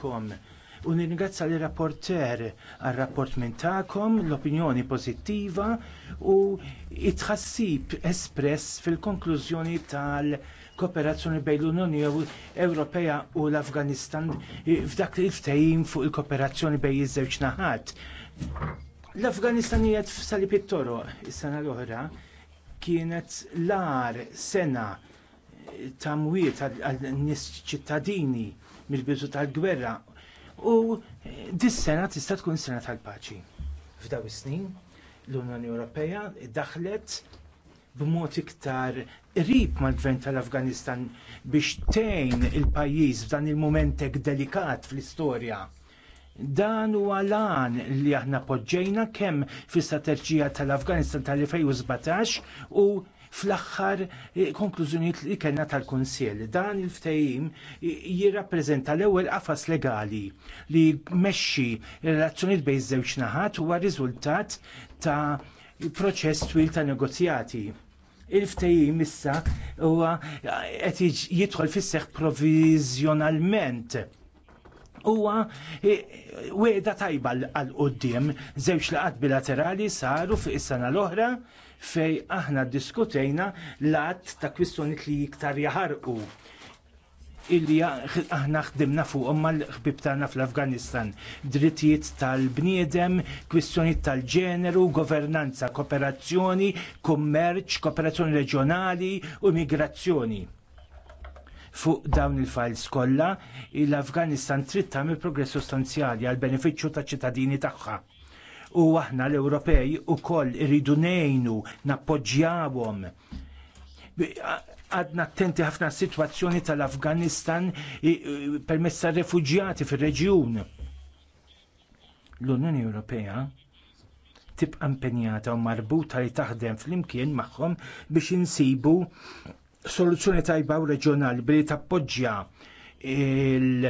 tagħkom. U nirringrazza l rapporter għal rapport minn tagħkom, l-opinjoni pożittiva u it-tħassib espress fil-konklużjoni tal-kooperazzjoni bejn l-Unjoni Ewropea u l-Afganistan f'dak li ftehim fuq il-kooperazzjoni bejn iż-żewġ naħat. L-Afganistan hija f'salib it-toroq is-sena l-oħra kienet l-ar sena tamwiet għal nies ċittadini mill-bidu tal-gwerra u dis-sena tista' tkun sena tal-paċi. F'daw is-snin l-Unjoni Ewropea daħlet b'mod iktar qrib mal-gvern tal-Afganistan biex tgħin il-pajjiż f'dan il-mument hekk delikat fl-istorja. Dan huwa lan li aħna poġġejna kemm fis istrateġija tal-Afganistan tal-2017 u fl-aħħar eh, konklużjonijiet li kellna tal-Kunsill. Dan il-ftehim jirrappreżenta l-ewwel qafas legali li jmexxi relazzjonijiet bejn żewġ naħat huwa riżultat ta' proċess twil ta' negozjati il-ftejjim issa huwa eh, qed jidħol fis-seħħ provizjonalment. Huwa eh, weda tajba għal qudiem żewġ laqat bilaterali saru fuq is-sena l-oħra fej aħna diskutejna l-att ta' kwistjoniet li iktar jaħarqu illi aħna ħdimna fuqhom mal-ħbib tagħna fl-Afganistan. Drittijiet tal-bniedem, kwistjonijiet tal-ġeneru, governanza, kooperazzjoni, kummerċ, kooperazzjoni reġjonali u migrazzjoni. Fuq dawn il-files kollha, l-Afganistan trid tagħmel progress sostanzjali għall benefiċċju taċ ċittadini tagħha u aħna l-Ewropej koll iridu ngħinu nappoġġjawhom. Għadna attenti ħafna s-sitwazzjoni tal-Afganistan permezz tar-refuġjati fir-reġjun. L-Unjoni Ewropea tibqa' impenjata u marbuta li taħdem flimkien magħhom biex insibu soluzzjoni tajba u reġjonali billi tappoġġja il-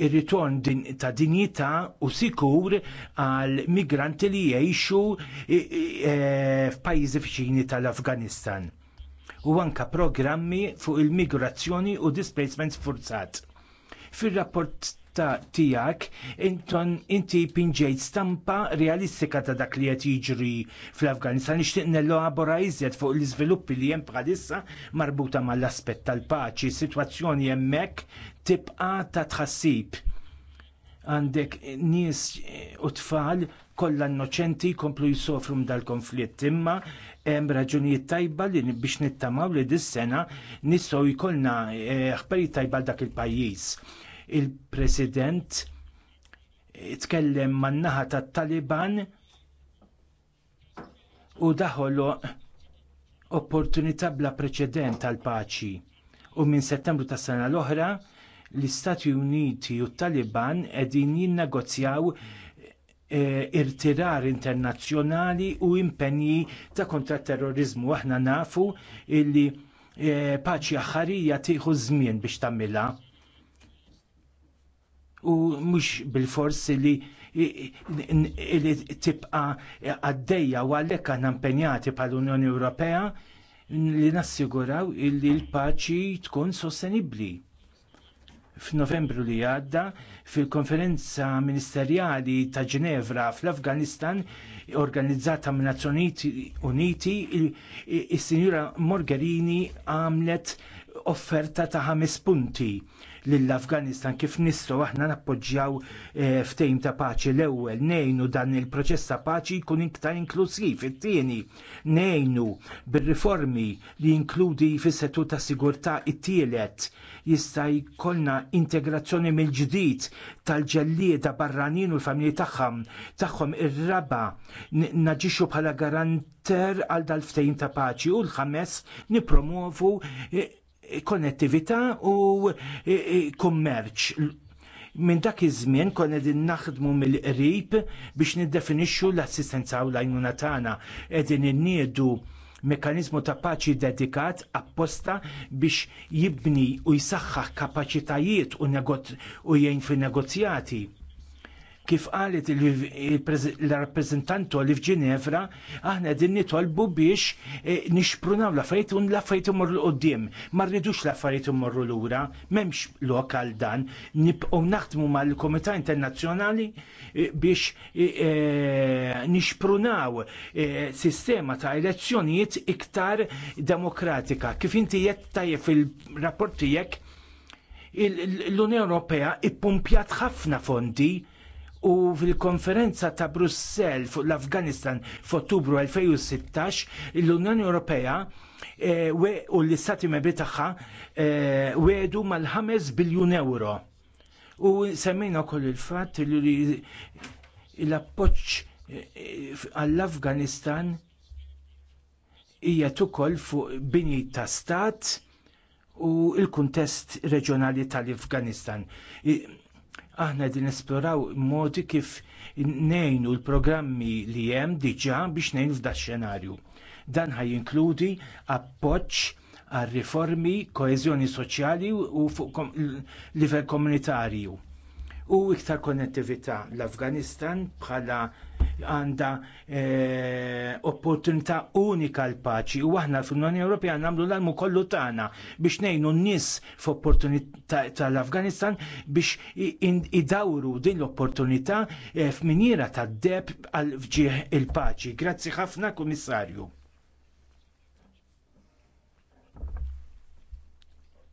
ir-ritorn din, ta' dinjità u sikur għal migranti li jgħixu e, f'pajjiżi viċini tal-Afganistan. U anka programmi fuq il-migrazzjoni u displacements forzat. Fir-rapport ta' tijak inton inti pinġejt stampa realistika ta' dak li qed jiġri fl-Afganistan nixtieq nellabora iżjed fuq l-iżviluppi li hemm bħalissa marbuta mal-aspett tal-paċi, sitwazzjoni hemmhekk tibqa ta' tħassib. Għandek nies u tfal kollha innoċenti jkomplu jsofru mdal konflitt imma hemm raġunijiet tajba li biex nittamaw li dis-sena nistgħu jkollna eh, ħbarijiet tajba dak il-pajjiż. Il-President tkellem man-naħa tat-Taliban u daħolo opportunità bla preċedent għal paċi u minn settembru tas sena l-oħra l-Istati Uniti u t-Taliban qegħdin jinnegozjaw eh, irtirar internazzjonali u impenji ta' kontra terrorizmu. Aħna nafu illi eh, paċi aħħarija tieħu żmien biex tagħmilha. U mhux bilforsi li li tibqa għaddejja u għalhekk aħna impenjati bħall-Unjoni Ewropea li nassiguraw illi l-paċi tkun sostenibbli f'Novembru li għadda fil-konferenza ministerjali ta' Ġenevra fl-Afganistan organizzata minn Nazzjonijiet Uniti is-Sinjura Morgherini għamlet offerta ta' ħames punti lill-Afganistan kif nistgħu aħna nappoġġjaw eh, ftehim ta' paċi l-ewwel ngħinu dan il-proċess ta' paċi jkun iktar inklusiv, it-tieni ngħinu bir-riformi li jinkludi fis-settur ta' sigurtà it-tielet jista' jkollna integrazzjoni mill-ġdid tal-ġellieda barranin u l-familji tagħhom tagħhom ir-raba naġixxu bħala garanter għal dal-ftehim ta' paċi u l-ħames nipromuovu eh, konnettività u kummerċ minn dak iż-żmien konna din naħdmu mill-qrib biex niddefinixxu l-assistenza u l-għajnuna tagħna qegħdin inniedu mekanizmu ta' paċi dedikat apposta biex jibni u jsaħħaħ kapaċitajiet u, u jgħin fin negozjati Kif qalet il-rappresentantu li f'Ġinevra, aħna din nitolbu biex e, nixprunaw l-affarijiet u l-affarijiet imorru l-qoddim. Ma rridux l-affarijiet l lura, m'hemmx lokal dan, nibqgħu naħdmu mal komita Internazzjonali e, biex e, nixprunaw sistema ta' elezzjonijiet iktar demokratika. Kif inti jett tajjeb fil-rapport tiegħek l-Unjoni Ewropea ippumpjat ħafna fondi U fil-konferenza ta' Brussell fuq l-Afganistan f'Ottubru 2016, l-Unjoni Ewropea eh, u l-Istati Membri tagħha e, wedu mal-5 biljun euro. U semmejna wkoll il-fatt li l-appoġġ eh, għall-Afganistan hija ukoll fuq bini ta' stat u l kuntest reġjonali tal-Afganistan aħna din esploraw modi kif nejnu l-programmi li hemm diġà biex nejnu f'da xenarju. Dan ħaj inkludi appoġġ għal riformi, koeżjoni soċjali u fuq kom livell komunitarju. U iktar konnettività l-Afganistan bħala għandha eh, opportunità unika l-paċi u aħna fl-Unjoni Ewropea nagħmlu l-almu kollu tagħna biex ngħinu n-nies f'opportunità tal-Afganistan biex idawru din l-opportunità eh, f'miniera tad-deb għal ġieħ il-paċi. Grazzi ħafna, Kummissarju.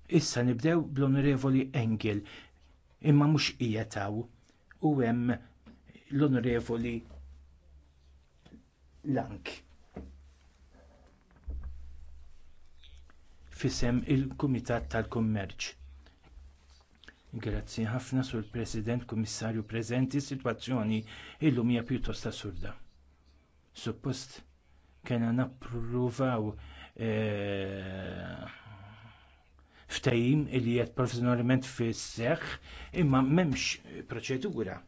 Issa nibdew bl-Onorevoli Engel imma mhux qiegħed u hemm l-Onorevoli Lank. Fisem il-Kumitat tal-Kummerċ. Grazzi ħafna sur President Kummissarju preżenti situazzjoni illum hija pjuttost assurda. Suppost kena nappruvaw e, eh, ftehim li qed professjonalment fis-seħħ imma m'hemmx proċedura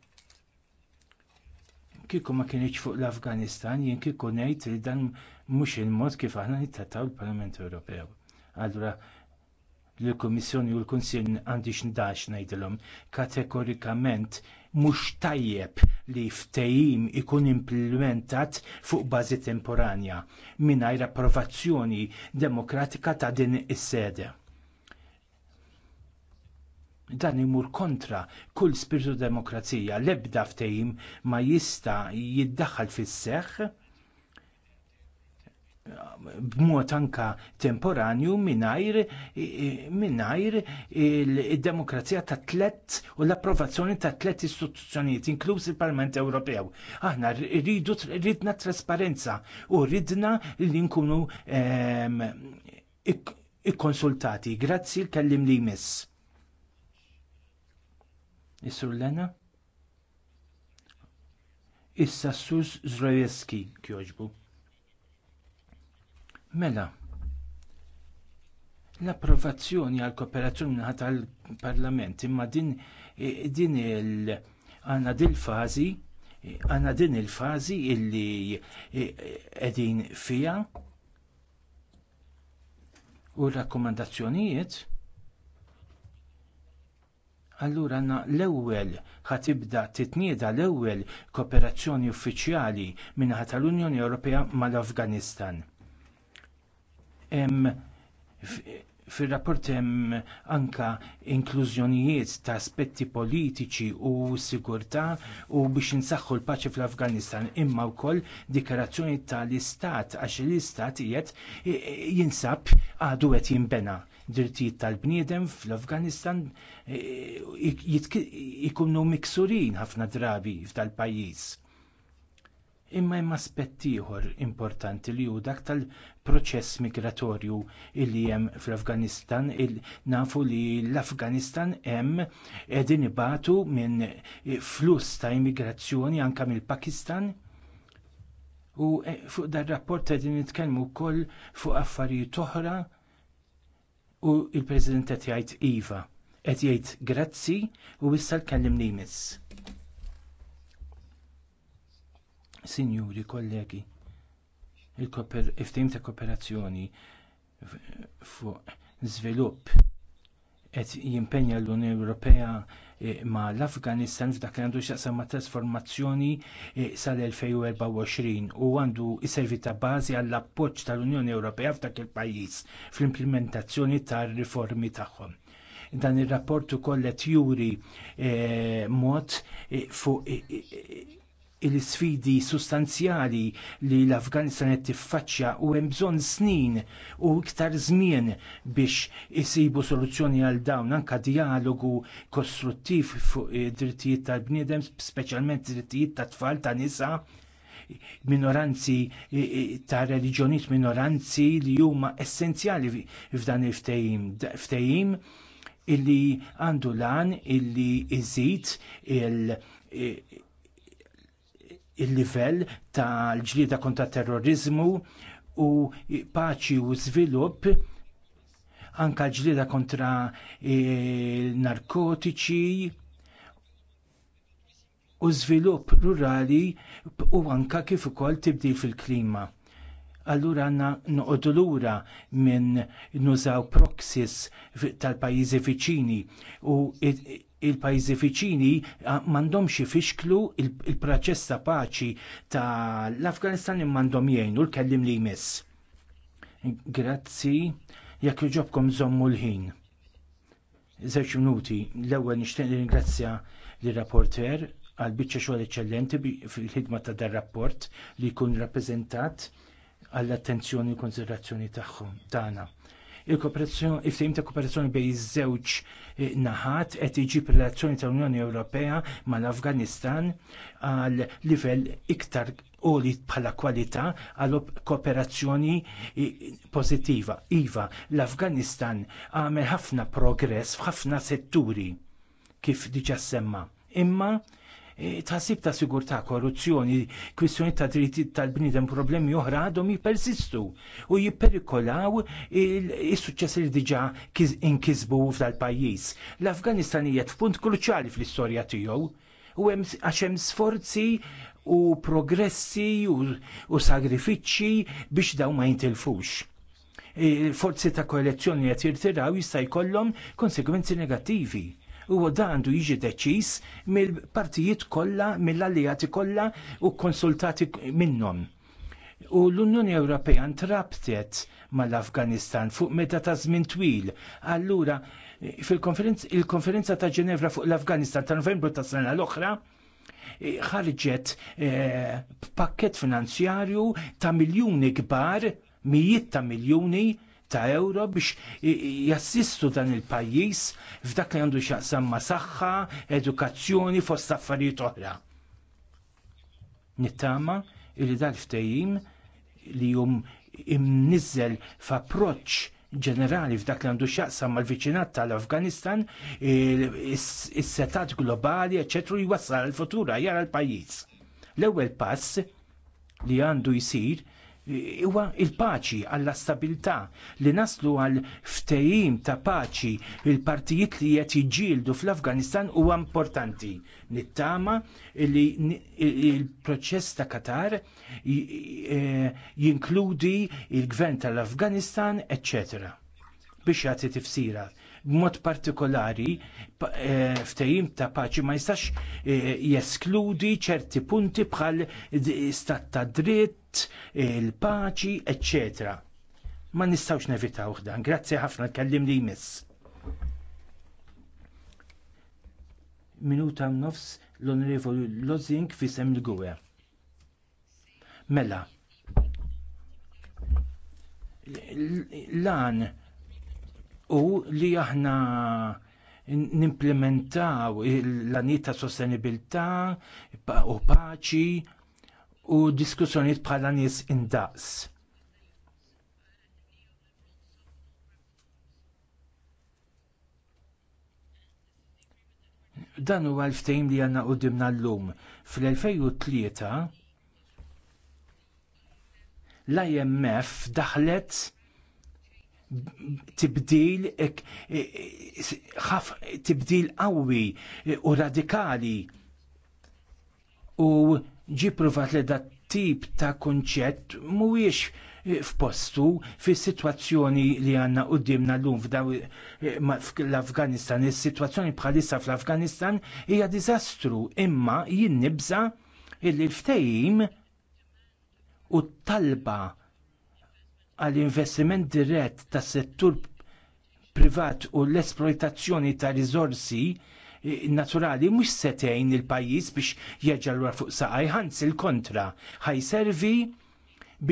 kieku ma kienx fuq l-Afganistan jien kieku ngħid li dan mhux il-mod kif aħna nittrattaw il-Parlament Ewropew. Allura l-Kummissjoni u l-Kunsill għandi ndax ngħidilhom kategorikament mhux tajjeb li ftehim ikun implementat fuq bażi temporanja mingħajr approvazzjoni demokratika ta' din is-sede dan imur kontra kull spiritu demokrazija l-ebda ftehim ma jista jiddaħħal fis seħħ b'mod anke temporanju mingħajr mingħajr id-demokrazija ta' tlet u l-approvazzjoni ta' tliet istituzzjonijiet inkluż il-Parlament Ewropew. Aħna rridu ridna trasparenza u ridna li nkunu ehm, ikkonsultati. Grazzi l-kellim li jmiss. Isur Lena? Issa Sus Zrojewski kjoġbu. Mela, l-approvazzjoni għall kooperazzjoni naħat tal-Parlament imma din e, din il għandna din il-fazi għanna din e, il-fażi illi qegħdin fiha u r rakkomandazzjonijiet Allura għanna l-ewwel ħatibda titnieda l-ewwel kooperazzjoni uffiċjali minnaħa tal-Unjoni Ewropea mal-Afganistan. Fir-rapport hemm anke inklużjonijiet ta' aspetti politiċi u sigurtà u biex insaħħu l-paċi fl-Afganistan imma wkoll dikarazzjoni tal-istat għax l-istat qiegħed jinsab għadu qed jinbena drittijiet tal-bniedem fl-Afganistan e, e, ikunu miksurin ħafna drabi f'dal-pajjiż. Imma hemm aspett ieħor importanti li hu dak tal-proċess migratorju li hemm fl-Afganistan nafu li l-Afganistan hemm qegħdin ibatu minn e, fluss ta' immigrazzjoni anke mill-Pakistan. U fuq dar rapport qegħdin nitkellmu wkoll fuq affarijiet oħra u l president qed jgħid iva. Qed jgħid grazzi u issa l-kellim nimis. Sinjuri, kollegi, il-ftehim ta' kooperazzjoni fuq żvilupp qed jimpenja l-Unjoni Ewropea eh, ma l-Afganistan f'dak li għandu x'jaqsam ma' trasformazzjoni eh, sal-2024 u għandu jservi ta' bażi għall appoġġ tal-Unjoni Ewropea f'dak il-pajjiż fl-implementazzjoni tar-riformi tagħhom. Dan ir-rapport ukoll qed juri eh, mod fuq il-sfidi sustanzjali li l-Afganistan qed tiffaċċja u hemm bżonn snin u iktar żmien biex isibu soluzzjoni għal dawn anke dijalogu kostruttiv fuq id-drittijiet tal-bniedem, speċjalment drittijiet tat-tfal ta' nisa minoranzi ta' reliġjonijiet minoranzi li huma essenzjali f'dan il-ftehim. Ftehim illi għandu lan illi iżid il- il-livell tal-ġlieda kontra terrorizmu u paċi u żvilupp anka l-ġlieda kontra il-narkotiċi e, u żvilupp rurali u anka kif ukoll tibdil fil-klima. Allura għanna noqogħdu lura minn nużaw proxies tal-pajjiżi viċini u il-pajzi fiċini xi fixklu il-proċess ta' paċi tal-Afganistan mandom jgħinu l-kellim li jmiss. Grazzi, jekk iġobkom żommu l-ħin. Żewġ minuti, l-ewwel nixtieq ringrazzja lir-rapporter għal biċċa xogħol eċċellenti fil-ħidma ta' dar rapport li jkun rappreżentat għall attenzjoni u konsiderazzjoni tagħhom tagħna il-ftehim ta' kooperazzjoni bejn iż-żewġ eh, naħat qed iġib relazzjoni ta' Unjoni Ewropea mal-Afganistan għal livell iktar oli bħala kwalità għal kooperazzjoni eh, pożittiva. Iva, l-Afganistan għamel ħafna progress f'ħafna setturi kif diġa semma. Imma E, tasib ta' ta' korruzzjoni, kwistjoni ta' dritti tal-bniedem problemi oħra għadhom jippersistu u jipperikolaw is-suċċess li diġà inkisbu f'dal-pajjiż. L-Afganistan hija f'punt kruċjali fl-istorja tiegħu u għax hemm sforzi u progressi u, u sagrifiċċji biex daw ma jintilfux. E, forzi ta' kollezzjoni qed jirtiraw jista' jkollhom konsekwenzi negattivi u da għandu jiġi deċiż mill-partijiet kollha, mill-allijati kollha u konsultati minnhom. U l-Unjoni Ewropea ntrabtet mal-Afganistan fuq meta ta' żmien twil. Allura fil-konferenza ta' Ġenevra fuq l-Afganistan ta' Novembru ta' sena l-oħra eh, ħarġet eh, pakket finanzjarju ta' miljuni kbar, mijiet ta' miljuni ta' euro biex jassistu dan il-pajjiż f'dak li għandu xaqsam ma' saħħa, edukazzjoni fost affarijiet oħra. Nittama li dal-ftejim li jum imnizzel f'approċċ ġenerali f'dak li għandu xaqsam mal-viċinat tal-Afganistan, is-setat globali, eccetera, jwassal l-futura jara l-pajjiż. L-ewwel pass li għandu jsir huwa il-paċi għall stabilità li naslu għal ftehim ta' paċi il-partijiet li qed jiġġieldu fl-Afganistan huwa importanti. Nittama li il-proċess ta' Qatar e- jinkludi il-gvern tal-Afganistan, eccetera biex jagħti tifsira b'mod partikolari eh, ftehim ta' paċi ma jistax eh, jeskludi ċerti punti bħal stat ta' dritt, il-paċi, eccetera. Ma nistawx nevitaw dan. Grazzi ħafna tkellim li jmiss. Minuta nofs l-Onorevoli Lozing fi sem il-gwe. Mela, lan u li aħna nimplementaw l anita ta' sostenibilità u paċi u diskussjonijiet bħala nies indaqs. dan huwa l-ftehim li dimna l-lum. Fl-2003 l-IMF daħlet tibdil e, e, tibdil qawwi u radikali u ġi provat li dat tip ta' kunċett mhuwiex e, f'postu fis sitwazzjoni li għandna l llum fl-Afganistan. Is-sitwazzjoni bħalissa fl-Afganistan hija diżastru imma jien nibża illi u t-talba għall-investiment dirett tas settur privat u l-esploitazzjoni ta' riżorsi eh, naturali mhux se tgħin il-pajjiż biex jeġalwa fuq saqaj ħans il-kontra ħajservi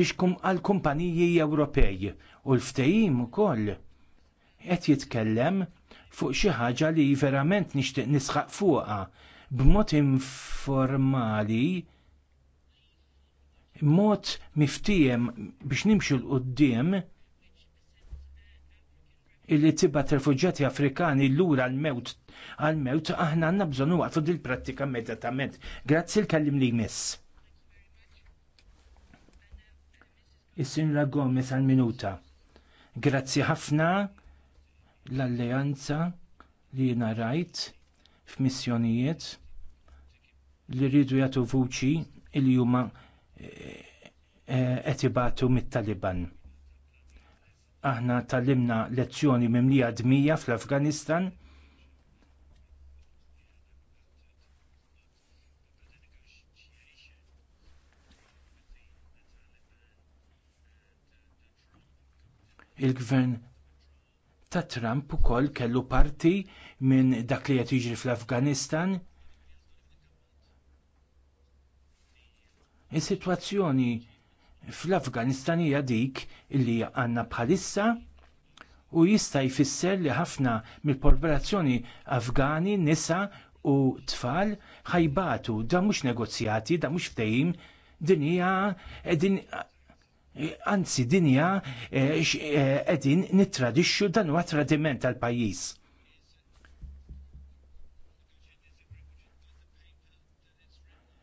biex kum għal kumpaniji Ewropej u l-ftehim ukoll qed jitkellem fuq xi ħaġa li verament nixtieq nisħaq fuqha b'mod informali mod miftijem biex nimxu l-qoddim illi tibat refuġjati Afrikani lura għal-mewt għal-mewt aħna għanna bżon waqfu dil-prattika immediatament. Grazzi l-kallim li jmiss. Is-sinra Gomez għal-minuta. Grazzi ħafna l-alleanza li jina rajt f'missjonijiet li rridu jagħtu vuċi il-juma qed ibatu mit-Taliban. Aħna tallimna lezzjoni mimlija dmija fl-Afganistan. il-gvern ta' Trump ukoll kellu parti minn dak li qed fl-Afganistan Is-sitwazzjoni fl afganistanija dik illi għandna bħalissa u jista' jfisser li ħafna mill-popolazzjoni Afgani nisa u tfal ħajbatu da mhux negozjati, da mhux ftehim, din hija din anzi dinja eh, eh, qegħdin nittradixxu dan huwa tradiment tal pajjiż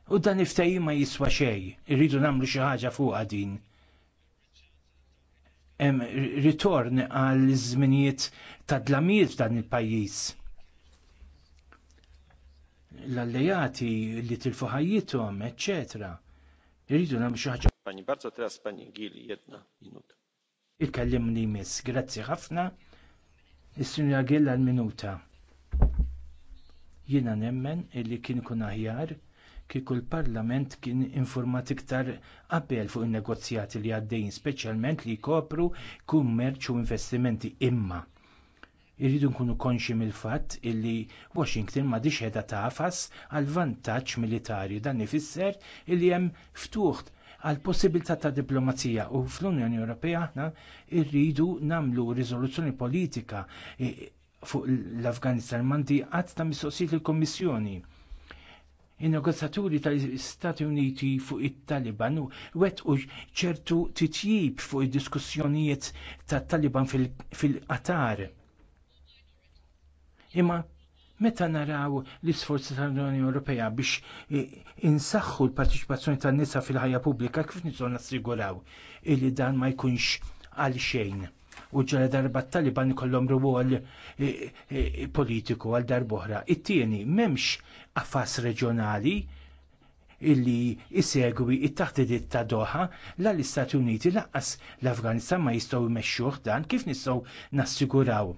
U dan iftajim ma jiswa xej, irridu namlu xi ħaġa fuq din. Hemm ritorn għal żminijiet ta' dlamir f'dan il-pajjiż. L-allejati li tilfu ħajjithom, eċetera. Irridu nagħmlu xi ħaġa. Pani Barza teraz pani Gili jedna minuta. il li miss, grazzi ħafna. Is-sinja Gilla l-minuta. Jiena nemmen illi kien ikun aħjar kieku l-Parlament kien infurmat iktar qabel fuq in-negozjati li għaddejjin speċjalment li jkopru kummerċ u investimenti imma. Irridu nkunu konxi mill-fatt illi Washington ma qiegħda tafas għal vantaġġ militari dan ifisser illi hemm ftuħ għal possibilità ta' diplomazija u fl-Unjoni Ewropea aħna rridu nagħmlu riżoluzzjoni politika eh, fuq l-Afganistan mandi qatt ta' mistoqsijiet il-Kommissjoni in-negozjaturi tal-Istati Uniti fuq it-Taliban u ċertu titjib fuq id-diskussjonijiet tat-Taliban fil-qatar. Imma meta naraw l-isforzi tal-Unjoni Ewropea biex eh, insaħħu l-partiċipazzjoni tan-nisa fil-ħajja pubblika kif nistgħu nassiguraw illi dan ma jkunx għal xejn u ġara darba t-Taliban kollom ruwol eh, eh, politiku għal darbohra. It-tieni, memx affas reġjonali illi isegwi it-taħdidiet ta' Doha la l-Istati Uniti laqqas l-Afganistan ma jistgħu jmexxuh dan kif nistgħu nassiguraw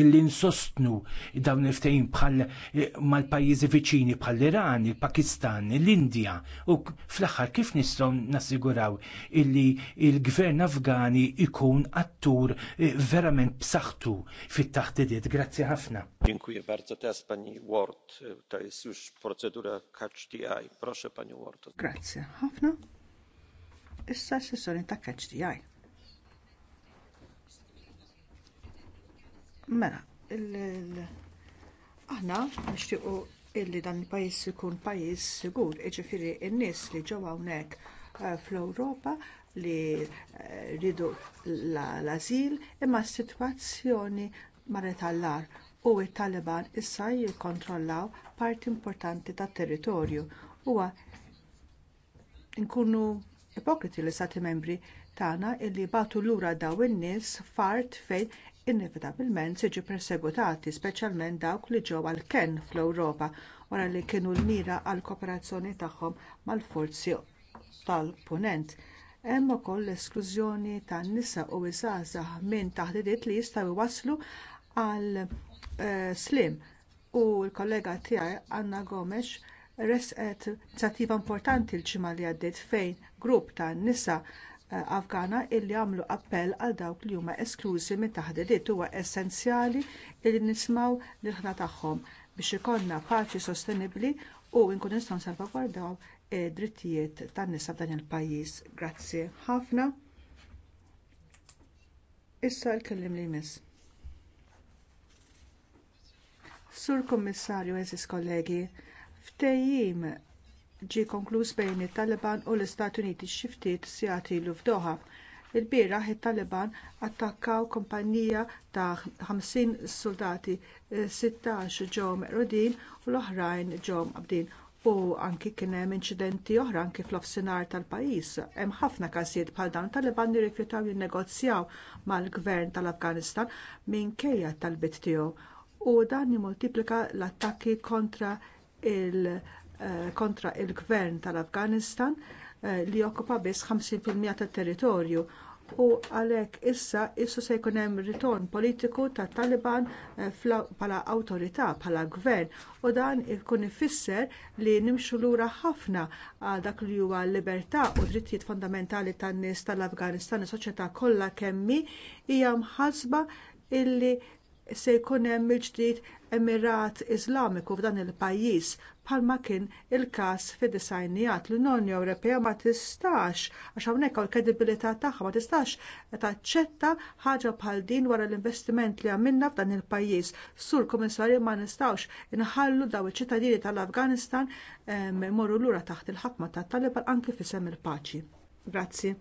illi nsostnu dawn il bħal eh, mal-pajjiżi viċini bħal l-Iran, il-Pakistan, l-Indja u fl-aħħar kif nistgħu nassiguraw illi il-gvern Afgani ikun attur eh, verament b'saħħtu fit-taħtidiet. Grazzi ħafna. Dziękuję bardzo. Teraz pani Ward, eh, ta' jisux procedura catch the Proxe pani Ward. Grazzi ħafna. Issa s-sessjoni ta' catch the eye. Mela, aħna nixtiequ illi dan il-pajjiż ikun pajjiż sigur, jiġifieri n-nies li ġew hawnhekk eh, fl-Ewropa li rridu eh, l-azil imma s-sitwazzjoni marret allar u t taliban issa jikkontrollaw parti importanti tat territorju huwa nkunu ipokriti l istati membri tagħna illi batu lura dawn in-nies f'art fejn inevitabilment siġu persegwitati speċjalment dawk li ġew għall-kenn fl-Ewropa wara li kienu l-mira għall kooperazzjoni tagħhom mal-forzi tal-Punent. Hemm ukoll l-esklużjoni tan-nisa u iżgħażagħ minn taħdidiet li jistgħu jwasslu għal eh, slim u l-kollega tiegħi Anna Gomes resqet inizjattiva importanti l-ġimgħa li għaddiet fejn grupp tan nisa Afgana illi għamlu appell għal dawk li huma esklużi minn taħdiet huwa essenzjali li nismaw l-ħna tagħhom biex ikollna paċi sostenibbli u nkunu nistgħu salvagwardaw id-drittijiet tan-nisa f'dan il-pajjiż. Grazzi ħafna. Issa l-kellim li jmiss. Sur Kummissarju, eżis kollegi, ftejjim ġie konkluż bejn it-Taliban u l-Istati Uniti xi ftit sigħat ilu fdoħa. Il-bieraħ it-Taliban attakkaw kumpanija ta' 50 soldati, 16 ġew meqrudin u l-oħrajn ġew qabdin u anki kien hemm inċidenti oħra anki fl ofsinhar tal-pajjiż. Hemm ħafna każijiet bħal dawn Taliban nirrifjutaw jinnegozjaw mal-gvern tal-Afganistan minkejja tal-bit tiegħu u dan jimmultiplika l-attakki kontra il- Eh, kontra l gvern tal-Afganistan eh, li okkupa biss 50% tat-territorju u għalhekk issa issu se jkun hemm ritorn politiku tat Taliban bħala eh, awtorità bħala gvern u dan ikun ifisser li nimxu lura ħafna għal dak li huwa l-libertà u drittijiet fondamentali tan-nies tal-Afganistan is-soċjetà kollha kemm hi hija mħassba illi se jkun hemm il-ġdid Emirat Iżlamiku f'dan il-pajjiż bħalma kien il-każ fid-disajnijat l-Unjoni Ewropea ma tistax għax hawnhekk hawn kredibilità tagħha ma tistax taċċetta ħaġa bħal din wara l-investiment li għamilna f'dan il-pajjiż. Sur Kummissarju ma nistgħux inħallu daw iċ-ċittadini tal-Afganistan morru lura taħt il-ħatma tat-Taliban anke fisem il-paċi. Grazzi.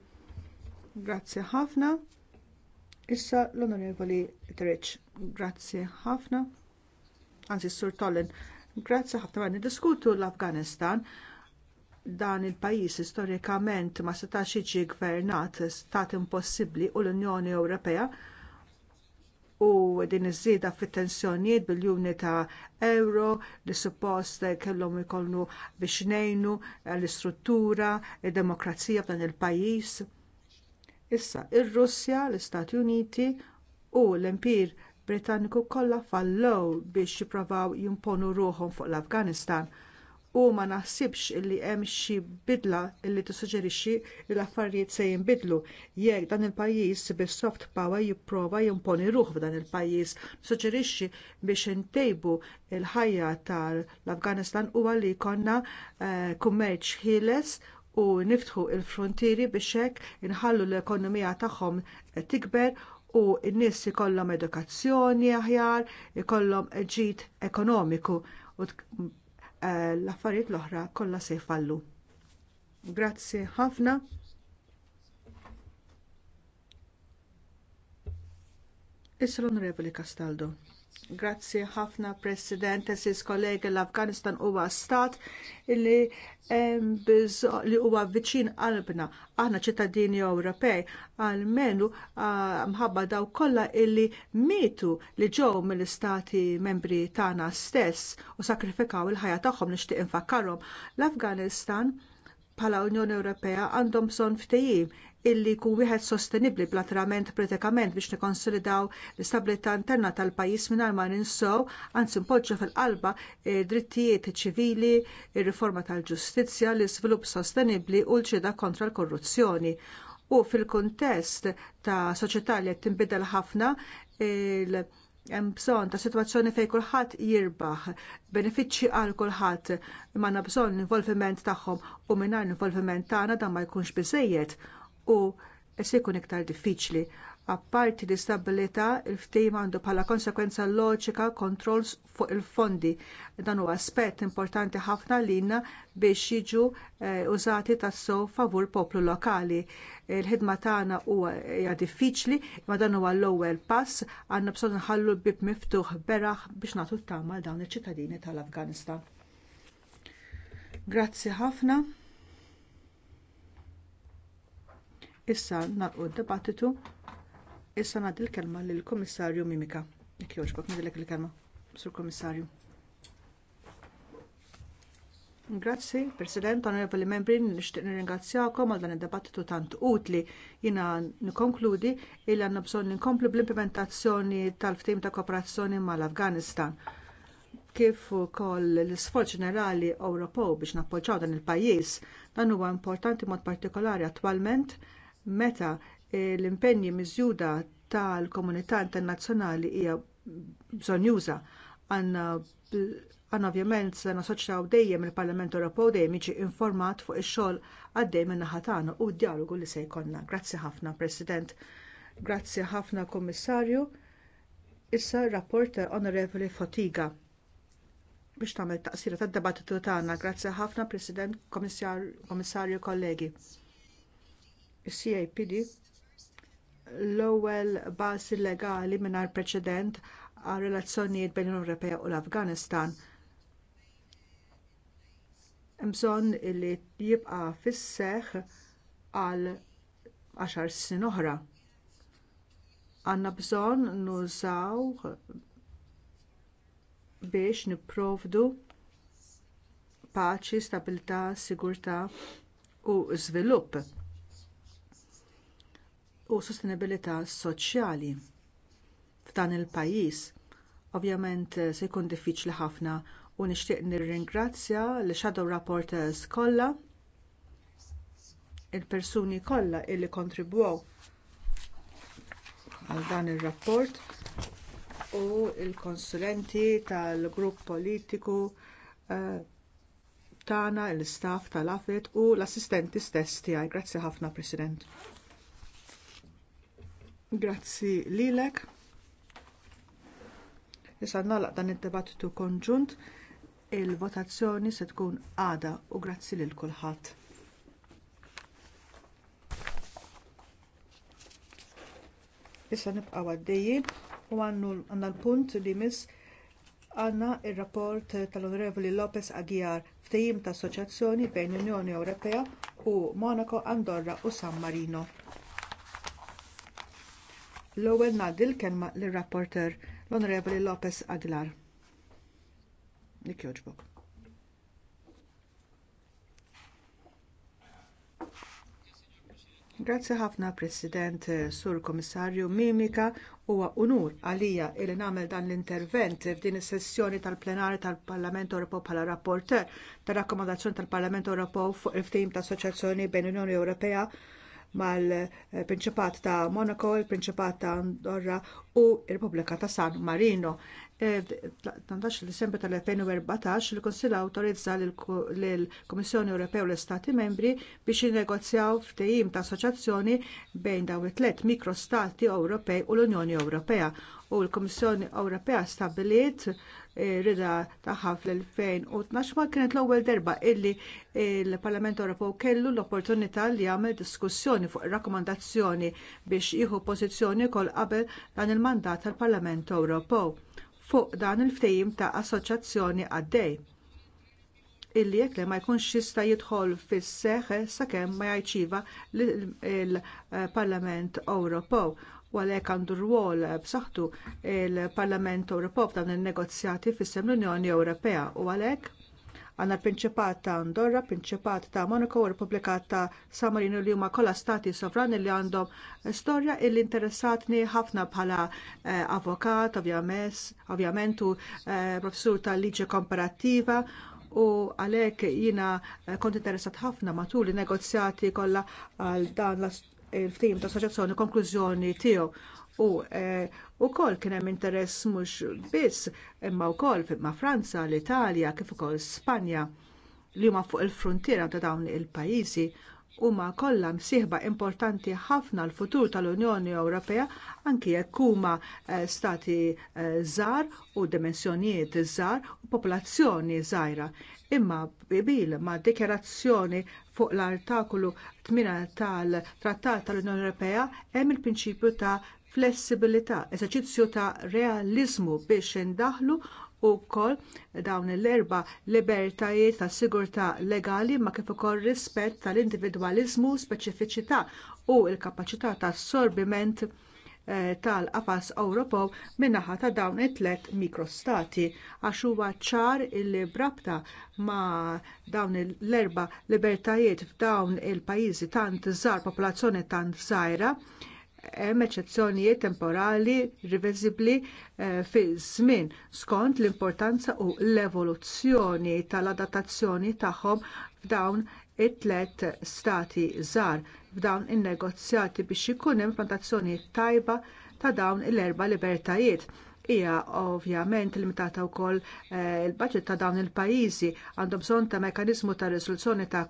Grazzi ħafna. Issa l-Onorevoli Trich, grazzi ħafna, Anzi, Sur Tollin, grazzi ħafna għan diskutu l-Afganistan dan il pajjiż storikament ma setax jiġi gvernat stat impossibbli u l-Unjoni Ewropea u din iż-żieda fit-tensjonijiet biljuni ta' euro li suppost kellhom ikollnu biex ngħinu l-istruttura, id-demokrazija f'dan il-pajjiż Issa ir-Russja, l-Istati Uniti u l-Impir Britanniku kollha fallew biex jippruvaw jimponu ruħhom fuq l-Afganistan u ma naħsibx li hemm xi bidla li tissuġġerixxi li l-affarijiet se jinbidlu jekk dan il-pajjiż bis-soft power jipprova jimponi ruħ f'dan il-pajjiż. Suġġerixxi biex intejbu l-ħajja tal-Afganistan huwa li jkollna eh, kummerċ ħieles u niftħu l frontieri biex hekk inħallu l-ekonomija tagħhom tikber u n-nies ikollhom edukazzjoni aħjar, ikollhom ġid ekonomiku u eh, l-affarijiet l-oħra kollha se jfallu. Grazzi ħafna. Issa l-Onorevoli Castaldo. Grazzi ħafna President, esis kollegi l-Afganistan huwa stat li huwa viċin qalbna aħna ċittadini Ewropej għalmenu mħabba daw kollha illi mietu li ġew mill-istati membri tagħna stess u sakrifikaw il-ħajja tagħhom nixtieq infakkarhom. L-Afganistan bħala Unjoni Ewropea għandhom bżonn ftehim illi jkun wieħed sostenibbli bl-attrament politikament biex nikkonsolidaw l-istabilità interna tal-pajjiż mingħajr ma ninsew anzi npoġġa fil-qalba drittijiet ċivili, ir-riforma tal-ġustizzja, l-iżvilupp sostenibbli u l ċeda kontra l-korruzzjoni. U fil-kuntest ta' soċjetà li qed tinbidel ħafna il- hemm bżonn ta' sitwazzjoni fejn kulħadd jirbaħ, benefiċċji għal kulħadd, imma għandna bżonn l-involviment tagħhom u mingħajr l-involviment tagħna dan ma jkunx biżejjed u se jkun iktar diffiċli. Apparti l-istabilità, il-ftehim għandu bħala konsegwenza loġika kontroll fuq il-fondi. Dan huwa aspett importanti ħafna lilna biex jiġu eh, użati tas tassew favur poplu lokali. Il-ħidma tagħna huwa hija diffiċli, imma dan huwa l-ewwel pass għandna bżonn nħallu l-bib miftuħ beraħ biex nagħtu t-tama dawn iċ-ċittadini tal-Afganistan. Grazzi ħafna. Issa naqqu d-dibattitu. Issa nagħti l-kelma lill-Kummissarju Mimika. Jekk jogħġbok nidilek il-kelma, Sur Kummissarju. Grazzi, President, onorevoli membri, nixtieq nirringrazzjakom għal dan id-dibattitu tant utli. Jiena nikkonkludi li għandna bżonn ninkomplu bl-implementazzjoni tal-ftim ta' kooperazzjoni mal-Afganistan kif ukoll l-isforz ġenerali Ewropew biex nappoġġaw dan il-pajjiż dan huwa importanti mod partikolari attwalment meta eh, l-impenni miżjuda tal-komunità internazzjonali hija bżonjuża għandna għanna ovvjament se nasoċjaw dejjem il-Parlament Ewropew dejjem jiġi informat fuq ix-xogħol għaddej min-naħa tagħna u d-dialogu li se jkollna. Grazzi ħafna, President. Grazzi ħafna, Kummissarju. Issa rapport Onorevoli Fotiga biex tagħmel taqsira tad-dibattitu tagħna. Grazzi ħafna, President, Kummissarju, kollegi. CAPD l-ewwel bażi legali mingħajr preċedent għar relazzjonijiet bejn l-Unjoni Ewropea u l-Afganistan. Hemm bżonn li jibqa' fis-seħħ għal għaxar snin oħra. Għandna bżonn nużaw biex nipprovdu paċi, stabilità, sigurtà u żvilupp u sostenibilità soċjali f'dan il-pajjiż. Ovvjament eh, se jkun diffiċli ħafna u nixtieq nirringrazzja l shadow rapporteurs kollha il-persuni kollha illi kontribwew għal dan ir-rapport u l konsulenti tal-grupp politiku eh, tagħna, l-istaff tal-afet u l-assistenti stess tiegħi. Grazzi ħafna, President. Grazzi lilek. Issa nalaq dan id debattitu konġunt il-votazzjoni se tkun għada u grazzi lil kulħadd. Issa nibqa' għaddejjin u għandna l-punt li miss għandna r rapport tal-Onorevoli Lopez Aguiar ftehim ta' assoċjazzjoni bejn l-Unjoni Ewropea u Monaco, Andorra u San Marino. L-ewwel ngħaddi l lir-rapporter l-Onorevoli Lopez Aguilar. Dik jogħġbok. Grazzi ħafna President Sur Komissarju Mimika huwa unur għalija li nagħmel dan l-intervent f'din is-sessjoni tal-plenari tal-Parlament Ewropew bħala rapporter tar rakkomandazzjoni tal-Parlament Ewropew fuq il-ftim ta' Assoċjazzjoni bejn Unjoni Ewropea mal-Prinċipat ta' Monaco, il-Prinċipat ta' Andorra u r-Repubblika ta' San Marino. 18 disembru tal-2014 il-Konsil awtorizza lill kummissjoni Ewropew l-Istati membri biex jinnegozjaw ftehim ta' assoċjazzjoni bejn dawn it-tliet mikrostati Ewropej u l-Unjoni Ewropea u l-Kummissjoni Ewropea stabbiliet eh, rida tagħha fl-2012 ma kienet l-ewwel darba illi l parlament Ewropew kellu l-opportunità li jagħmel diskussjoni fuq ir rakkomandazzjoni biex jieħu pożizzjoni wkoll qabel dan il-mandat tal-Parlament Ewropew fuq dan il-ftehim ta' assoċjazzjoni għaddej illi jekk li ma jkunx jista' jidħol fis-seħħ sakemm ma jajċiva l-Parlament Ewropew u għalhekk għandu rwol b'saħħtu l parlament Ewropew f'dan in-negozjati fis-sem l-Unjoni Ewropea u għalhekk Għandna l-Prinċipat ta' Andorra, Prinċipat ta' Monaco u Repubblika ta' San Marino li huma kollha stati sovrani li għandhom storja illi interessatni ħafna bħala eh, avokat, ovvjament, u eh, professur ta' liġi komparattiva u għalhekk jiena eh, kont interessat ħafna matul in negozjati kollha għal dan l il-ftim ta' soċjazzjoni konklużjoni tiegħu u wkoll eh, kien hemm interess mhux biss imma wkoll ma' Franza, l-Italja kif ukoll Spanja li huma fuq il-frontiera ta' dawn il-pajjiżi huma kollha msieħba importanti ħafna l-futur tal-Unjoni Ewropea anki jekk huma eh, stati eh, żgħar u dimensjonijiet żgħar u popolazzjoni żgħira. Imma bibil ma' dikjarazzjoni fuq l-artakolu 8 tal-Trattat tal-Unjoni Ewropea hemm il-prinċipju ta' flessibilità, eżerċizzju ta' realiżmu biex indaħlu wkoll dawn l-erba libertajiet ta' sigurtà legali ma kif ukoll rispett tal individwaliżmu speċifiċità u l-kapaċità ta' assorbiment Eh, tal-qafas Ewropew min-naħa ta' dawn it-tlet mikrostati għax huwa ċar li brabta ma' dawn l-erba libertajiet f'dawn il-pajjiżi tant żgħar popolazzjoni tant żgħira hemm eċezzjonijiet temporali riversibbli eh, fi żmien skont l-importanza u l-evoluzzjoni tal-adattazzjoni tagħhom f'dawn it-tlet stati żgħar f'dawn in-negozjati biex ikun hemm implantazzjoni tajba ta' dawn l-erba' libertajiet. Hija ovvjament limitata wkoll eh, il-baġit ta' dawn il-pajjiżi għandhom bżonn ta' mekanizmu ta' risoluzzjoni ta'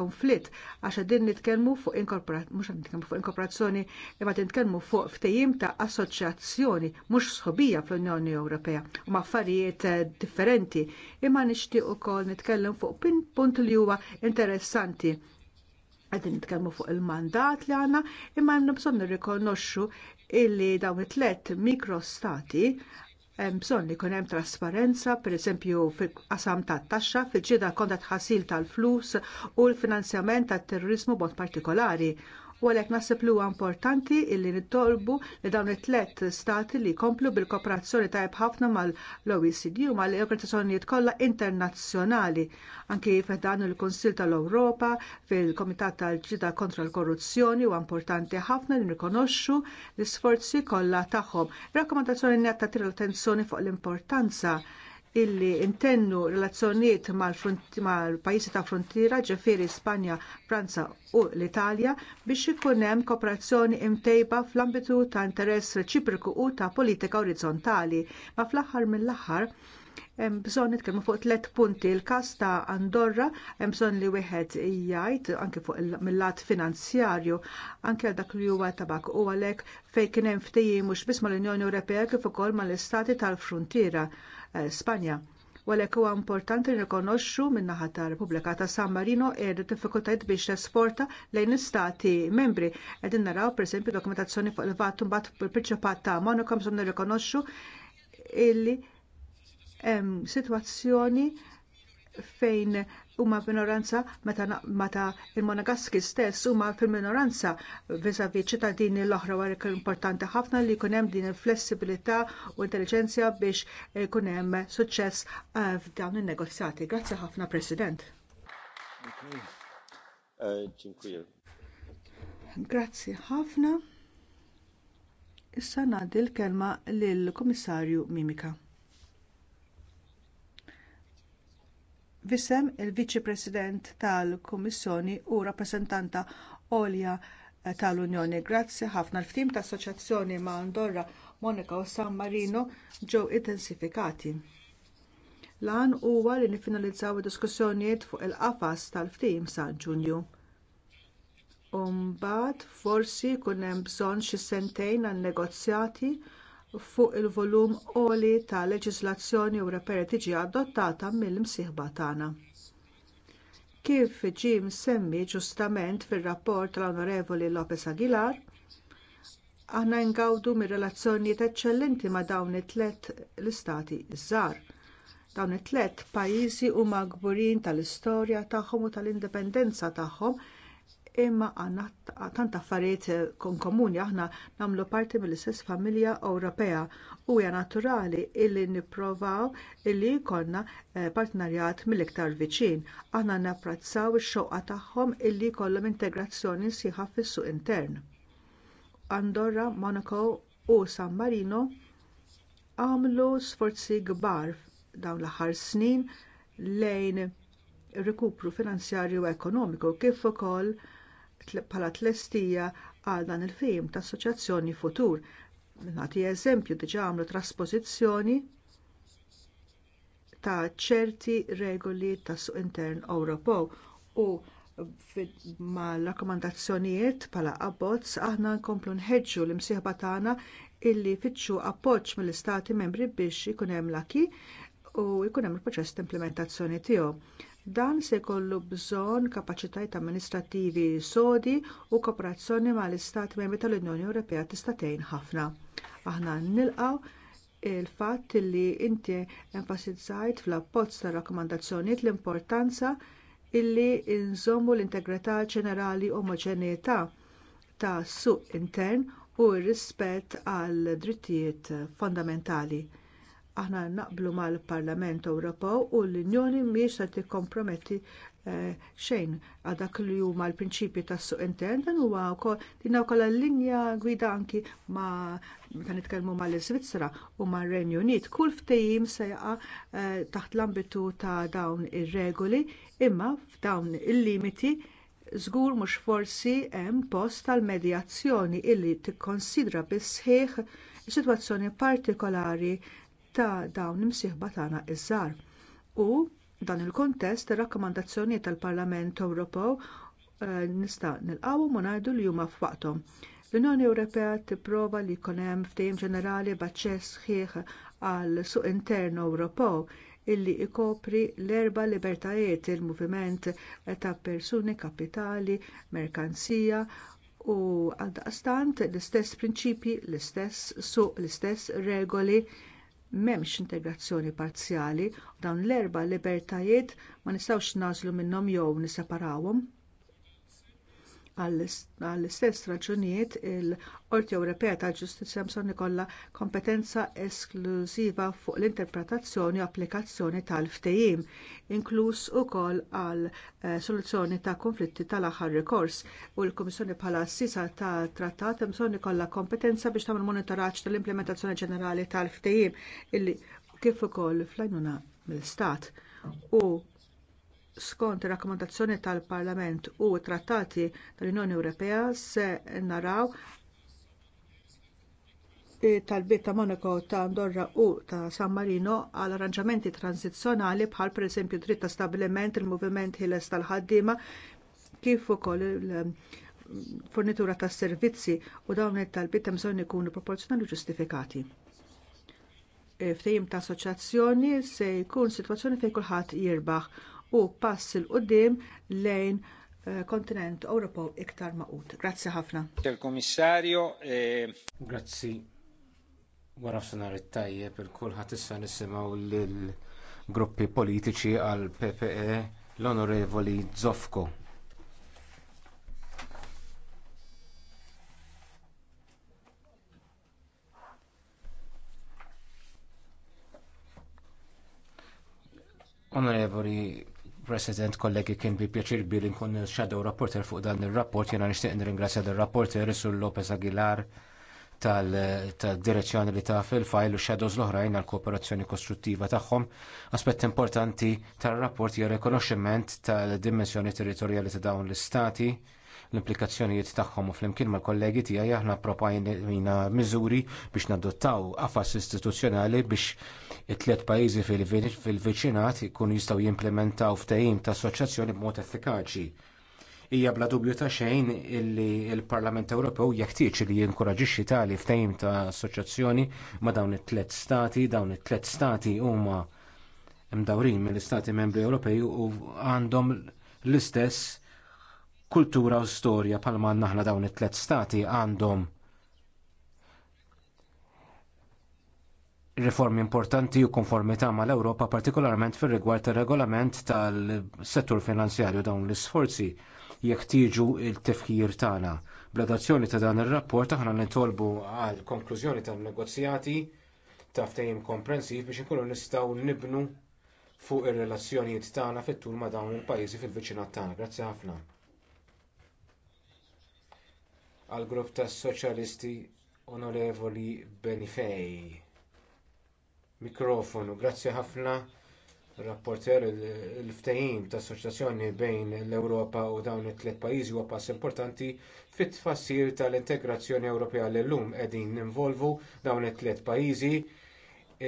konflitt għax din nitkellmu fuq fuq inkorporazzjoni imma nitkellmu fuq ftehim ta' assoċjazzjoni mhux sħobija fl-Unjoni Ewropea u affarijiet eh, differenti imma nixtieq ukoll nitkellem fuq punt li huwa interessanti għadin nitkellmu fuq il-mandat li għandna, imma għanna bżonn nirrikonoxxu illi dawn it-tlet mikrostati hemm bżonn li kunem hemm trasparenza, pereżempju fil-qasam tat-taxxa, fil ġida kontra tħassil tal-flus u l-finanzjament tat-terrorizmu b'mod partikolari u għalek naħseb li huwa importanti illi nittolbu li dawn it-tlet stati li jkomplu bil-kooperazzjoni tajjeb ħafna mal-OECD u mal-organizzazzjonijiet kollha internazzjonali anki dan il-Kunsill tal-Ewropa fil-Komitat tal-Ġida kontra l-Korruzzjoni huwa importanti ħafna li nikonoxxu l-isforzi kollha tagħhom. Rakkomandazzjoni netta tira l-attenzjoni fuq l-importanza illi intennu relazzjonijiet mal-pajjiżi ta' frontiera ġifieri Spanja, Franza u l-Italja biex ikun hemm kooperazzjoni imtejba fl-ambitu ta' interess reċiproku u ta' politika orizzontali. Ma fl-aħħar mill-aħħar hemm bżonn nitkellmu fuq tliet punti. Il-każ ta' Andorra hemm bżonn li wieħed jgħid anke fuq mill-lat finanzjarju anke għal dak li huwa tabak u għalhekk fejn kien hemm ftehim mhux biss mal-Unjoni Ewropea kif ukoll mal-Istati tal-Fruntiera Eh, Spanja. Walek huwa importanti nirkonoxxu min-naħa ta' Repubblika ta' San Marino e diffikultajt biex esporta lejn istati membri. Qegħdin naraw pereżempju dokumentazzjoni fuq il-vat mbagħad prinċipat ta' Monaco bżonn nirrikonoxxu illi hemm fejn huma minoranza meta il-Monagaski stess huma fil-minoranza viżavi ċittadini l-oħra wara importanti ħafna li jkun hemm din il-flessibilità u intelligenza biex eh, jkun hemm suċċess eh, f'dawn in-negozjati. Grazzi ħafna President. Grazzi ħafna. Issa nagħti l-kelma lill-Kummissarju Mimika. visem il-Viċi President tal-Kummissjoni u rappreżentanta għolja eh, tal-Unjoni. Grazzi ħafna l-ftim ta' Assoċjazzjoni ma' Andorra, Monika u San Marino ġew intensifikati. Lan huwa li nifinalizzaw id-diskussjonijiet fuq il-qafas tal-ftim sa' Ġunju. Umbagħad forsi jkun hemm bżonn xi sentejn għan negozjati fuq il-volum għoli ta' leġiżlazzjoni Ewropea tiġi adottata mill-imsieħba tagħna. Kif ġie msemmi ġustament fir-rapport tal-Onorevoli Lopez Aguilar, aħna ngawdu mir-relazzjonijiet eċċellenti ma' dawn it-tlet l-istati iż-żgħar. Dawn it-tlet pajjiżi huma gburin tal-istorja tagħhom u tal-indipendenza tagħhom imma tant affarijiet eh, komuni aħna nagħmlu parti mill-istess familja Ewropea u hija naturali illi nipprovaw illi jkollna eh, partnerjat mill-iktar viċin. Aħna napprezzaw ix xewqa tagħhom illi jkollhom integrazzjoni sieħa fis-suq intern. Andorra, Monaco u San Marino għamlu sforzi kbar dawn l-aħħar snin lejn rikupru finanzjarju u ekonomiku kif ukoll bħala tlestija għal dan il-fejm ta' Assoċjazzjoni Futur. Nagħti eżempju diġà għamlu trasposizzjoni ta' ċerti regoli tas suq intern Ewropew u mal rakkomandazzjonijiet bħala abbozz aħna nkomplu nħeġġu l-imsieħba tagħna illi jfittxu appoġġ mill-istati membri biex ikun hemm l u jkun hemm il-proċess ta' implementazzjoni tiegħu. Dan se jkollu bżonn kapaċitajiet amministrattivi sodi u kooperazzjoni mal-Istat membri tal-Unjoni Ewropea tista' tgħin ħafna. Aħna nilqgħu il-fatt li inti enfasizzajt fl-appozz tar-rakkomandazzjonijiet l-importanza illi nżommu l-integrità ġenerali omoġenjetà tas suq intern u r-rispett għal drittijiet fondamentali aħna naqblu mal-Parlament Ewropew u l-Unjoni mhijiex se tikkomprometti eh, xejn għal dak li huma l-prinċipji tas-suq intern dan huwa wkoll din wkoll linja gwida anki ma meta nitkellmu mal-Iżvizzera u mar-Renju Unit. Kull ftehim se jaqa' eh, taħt l-ambitu ta' dawn ir-regoli imma f'dawn il-limiti żgur mhux forsi hemm post tal-medjazzjoni illi tikkonsidra bis-sħiħ is-sitwazzjoni partikolari ta' dawn imsieħba tagħna iż-żgħar. U dan il-kontest ir-rakkomandazzjonijiet tal-Parlament Ewropew eh, nista' nilqawhom u ngħidu li huma f'waqthom. L-Unjoni Ewropea tipprova li jkun hemm ftehim ġenerali b'aċċess sħiħ għal suq intern Ewropew illi jkopri l-erba libertajiet il-moviment ta' persuni, kapitali, merkanzija u għaldaqstant l-istess prinċipji, l-istess suq, l-istess regoli m'hemmx integrazzjoni parzjali u dawn l-erba' libertajiet ma nistgħux nażlu minnhom jew nisseparawhom għall-istess raġunijiet il-Qorti Ewropea tal-Ġustizzja bżonn ikollha kompetenza esklużiva fuq l-interpretazzjoni u applikazzjoni tal-ftehim, inkluż ukoll għal eh, soluzzjoni ta' konflitti tal-aħħar rikors u l-Kummissjoni bħala s-sisa ta' trattat bżonn ikollha kompetenza biex tagħmel monitoraġġ tal-implementazzjoni ġenerali tal-ftehim illi kif ukoll fl-għajnuna mill istat u skont ir-rakkomandazzjoni tal-Parlament u t trattati tal-Unjoni Ewropea se naraw tal-bit ta' Monaco ta' Andorra u ta' San Marino għal arranġamenti transizzjonali bħal pereżempju dritt ta' stabiliment il-moviment ħieles tal-ħaddiema kif ukoll il-fornitura mm, ta' servizzi u dawn it-talbiet hemm bżonn ikunu proporzjonali u ġustifikati e, ftehim ta' assoċjazzjoni se jkun sitwazzjoni fejn kulħadd jirbaħ u pass il qudiem lejn eh, kontinent Ewropew iktar maqut. Grazzi ħafna. il kummissarju eh, Grazzi. Wara f'sinar it-tajjeb il-kulħadd issa nisimgħu lill-gruppi politiċi għal PPE l-Onorevoli Zofko. Onorevoli President kollegi kien bi pjaċir bil nkun shadow rapporter fuq dan ir-rapport jiena nixtieq nirringrazzja dir rapporter Sur Lopez Aguilar tal-direzzjoni li ta' fil-fajl u shadows l-oħrajn għal kooperazzjoni kostruttiva tagħhom. Aspett importanti tar-rapport hija rikonoxximent tal-dimensjoni territorjali ta' dawn l-istati l-implikazzjonijiet tagħhom u flimkien mal-kollegi tiegħi aħna propajna miżuri biex nadottaw qafas istituzzjonali biex it-tliet pajjiżi fil-viċinat ikunu jistgħu jimplementaw ftehim ta' assoċjazzjoni b'mod effikaċi. Hija bla dubju ta' xejn illi l-Parlament Ewropew jeħtieġ li jinkoraġixxi tali ftehim ta' assoċjazzjoni ma' dawn it-tliet stati, dawn it-tliet stati huma mdawrin mill-Istati Membri Ewropej u għandhom l-istess kultura u storja palma naħna dawn it-tlet stati għandhom riformi importanti u konformità mal ewropa partikolarment fir rigward tar regolament tal-settur finanzjarju dawn l-isforzi jekk tiġu il-tifħir tagħna. Bladazzjoni ta' dan ir-rapport aħna nitolbu għal konklużjoni tan-negozjati ta' ftehim komprensiv biex inkunu nistgħu nibnu fuq ir-relazzjonijiet tagħna fit-tul ma' dawn il-pajjiżi fil-viċinat tagħna. Grazzi ħafna għall grupp tas soċjalisti onorevoli Benifej. Mikrofonu, grazzi ħafna rapporter il-ftehim ta' assoċjazzjoni bejn l-Ewropa u dawn it-tliet pajjiżi huwa pass importanti fit-tfassir tal-integrazzjoni Ewropea li llum qegħdin ninvolvu dawn it-tliet pajjiżi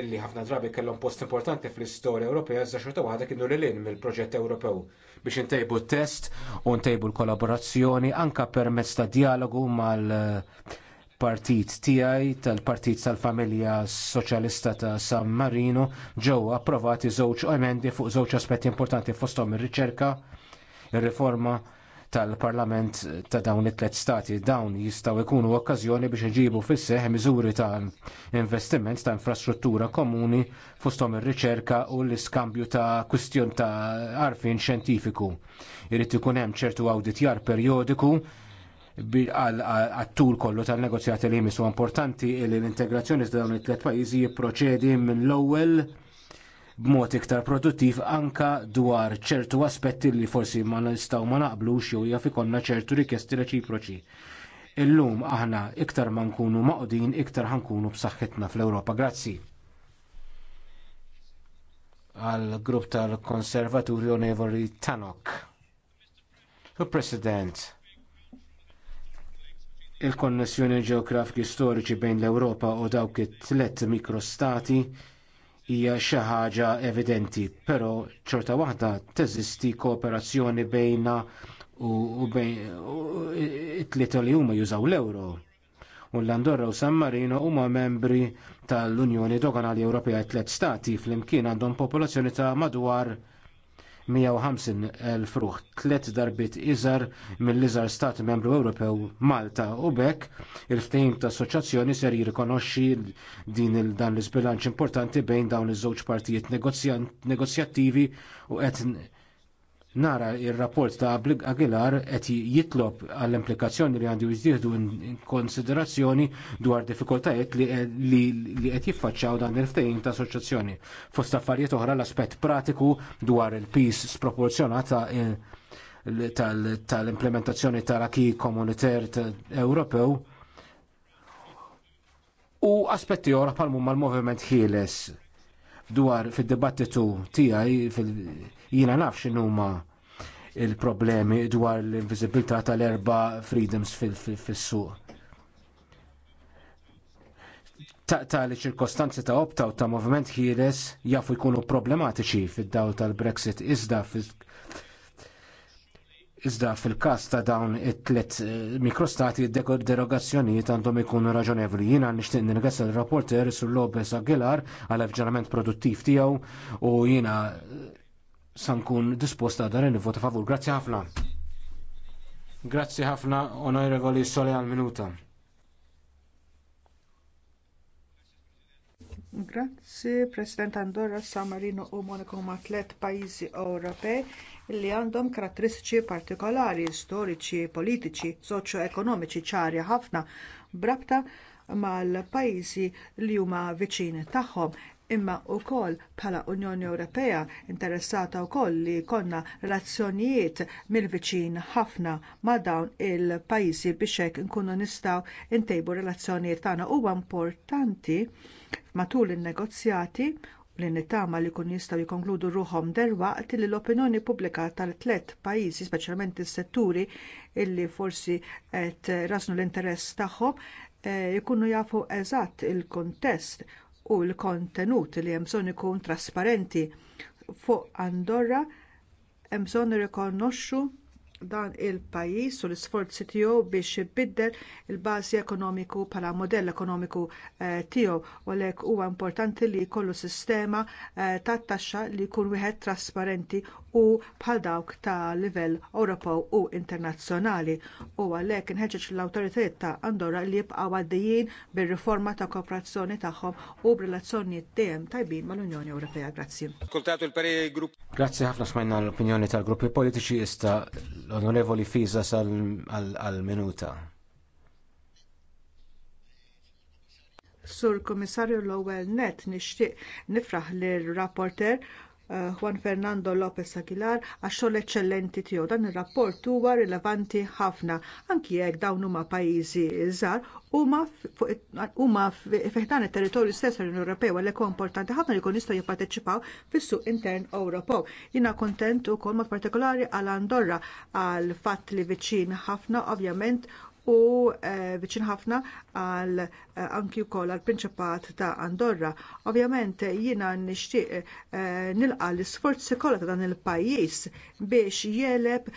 illi ħafna drabi kellhom post importanti fl-istorja Ewropea iżda xorta waħda kienu lil mill-proġett Ewropew biex intejbu t test u ntejbu l-kollaborazzjoni anka permezz ta' dialogu mal-partit tiegħi tal-Partit tal-Familja Soċjalista ta' San Marino ġew approvati żewġ emendi fuq żewġ aspetti importanti fosthom ir-riċerka, ir-riforma tal-Parlament ta' dawn it-tlet stati dawn jistgħu jkunu okkażjoni biex iġibu fis seħħ miżuri ta' investiment ta' infrastruttura komuni fosthom ir-riċerka u l-iskambju ta' kwistjon ta' arfin xjentifiku. Irid ikun hemm ċertu awditjar perjodiku għattur kollu tal negozjati li jmissu importanti li l-integrazzjoni ta' dawn it-tlet pajjiżi jipproċedi minn l-ewwel b'mod iktar produttiv anke dwar ċertu aspetti li forsi ma nistgħu ma naqblux jew jaf ikollna ċertu rikjesti reċiproċi. Illum aħna iktar ma nkunu maqdin iktar ħankunu b'saħħitna fl-Ewropa. Grazzi. Għal grupp tal-Konservaturi Onevoli Tanok. President, il-konnessjoni ġeografiki storiċi bejn l-Ewropa u dawk it-tlet mikrostati hija xi ħaġa evidenti, però ċorta waħda teżisti kooperazzjoni bejna u bejn it-tlieta li huma jużaw l-euro. U l-Andorra u San Marino huma membri tal-Unjoni Doganali Ewropea tliet stati flimkien għandhom popolazzjoni ta' madwar 150.000 fruħ tliet darbit iżar mill-iżar stat membru Ewropew Malta u bekk il-ftehim ta' assoċjazzjoni ser jirrikonoxxi din il dan l-isbilanċ importanti bejn dawn iż-żewġ partijiet negozjattivi u qed nara il-rapport ta' Aguilar qed jitlob għall-implikazzjoni li għandu jiżdieħdu konsiderazzjoni dwar diffikultajiet li qed jiffaċċjaw dan il ftejn ta' assoċjazzjoni. Fost affarijiet oħra l-aspett pratiku dwar il-pis sproporzjonat tal-implementazzjoni tal-aki komuniter Ewropew u aspetti oħra palmu mal-movement ħieles dwar fid-dibattitu tiegħi jiena naf x'inhuma il-problemi dwar l-inviżibilità tal-erba freedoms fis-suq. Ta' li ċirkostanzi ta' optaw ta' moviment ħieles jafu jkunu problematiċi fid-dawl tal-Brexit iżda Iżda fil każ ta' dawn it-tlet eh, mikrostati derogazzjonijiet għandhom ikunu raġonevoli. Jiena nixtieq nirgazza l-rapporter sur Lopez Aguilar għal avġanament produttiv tiegħu u jiena sankun disposta rendi vota favur. Grazzi ħafna. Grazzi ħafna, onorevoli Sole għal minuta. Grazzi, President Andorra, San Marino u Monaco huma tliet pajjiżi Ewropej li għandhom karatteristiċi partikolari, storiċi, politiċi, socio ekonomiċi ċari ħafna brabta mal-pajjiżi li huma viċini tagħhom imma wkoll bħala Unjoni Ewropea interessata wkoll li jkollna relazzjonijiet mill-viċin ħafna ma' dawn il-pajjiżi biex hekk nkunu nistgħu ntejbu relazzjonijiet tagħna huwa importanti matul in-negozjati li nittama li kun jistgħu jikonkludu ruhom derwaqt li l-opinjoni pubblika tal-tlet pajjiżi, speċjalment is-setturi illi forsi qed rasnu l-interess tagħhom, eh, jkunu jafu eżatt il-kontest u l-kontenut li hemm bżonn ikun trasparenti fuq Andorra hemm bżonn nirrikonoxxu dan il-pajjiż u l-isforzi tiegħu biex ibiddel il-bażi ekonomiku bħala modell ekonomiku eh, tiegħu u għalhekk huwa importanti li jkollu sistema eh, tat-taxxa li jkun wieħed trasparenti u bħal dawk ta' livell Ewropew u internazzjonali u għalhekk inħeġġeġ l-awtoritajiet ta' Andorra li jibqgħu għaddejjin bir-riforma ta' kooperazzjoni tagħhom u b'relazzjonijiet dejjem tajbin mal-Unjoni Ewropea. Grazzi. Grazzi ħafna smajna l-opinjoni tal-gruppi politiċi l-Onorevoli Fizas għal-minuta. Sur Komissarju l-ewwel net nixtieq nifraħ lir rapporter Eh, Juan Fernando Lopez Aguilar għax-xogħol eċċellenti tiegħu. Dan ir-rapport huwa rilevanti ħafna anki jekk dawn huma pajjiżi żgħar huma dan it-territorju stess tal-Unjoni Ewropea għalhekk huwa importanti ħafna li jkun jistgħu jipparteċipaw fis-suq intern Ewropew. Jiena kontent ukoll mod partikolari għal Andorra għal fatt li viċin ħafna ovvjament u eh, viċin ħafna għal eh, anki wkoll għall prinċipat ta' Andorra. Ovvjament jiena nixtieq eh, nilqa l-isforzi kollha ta' dan il-pajjiż biex jeleb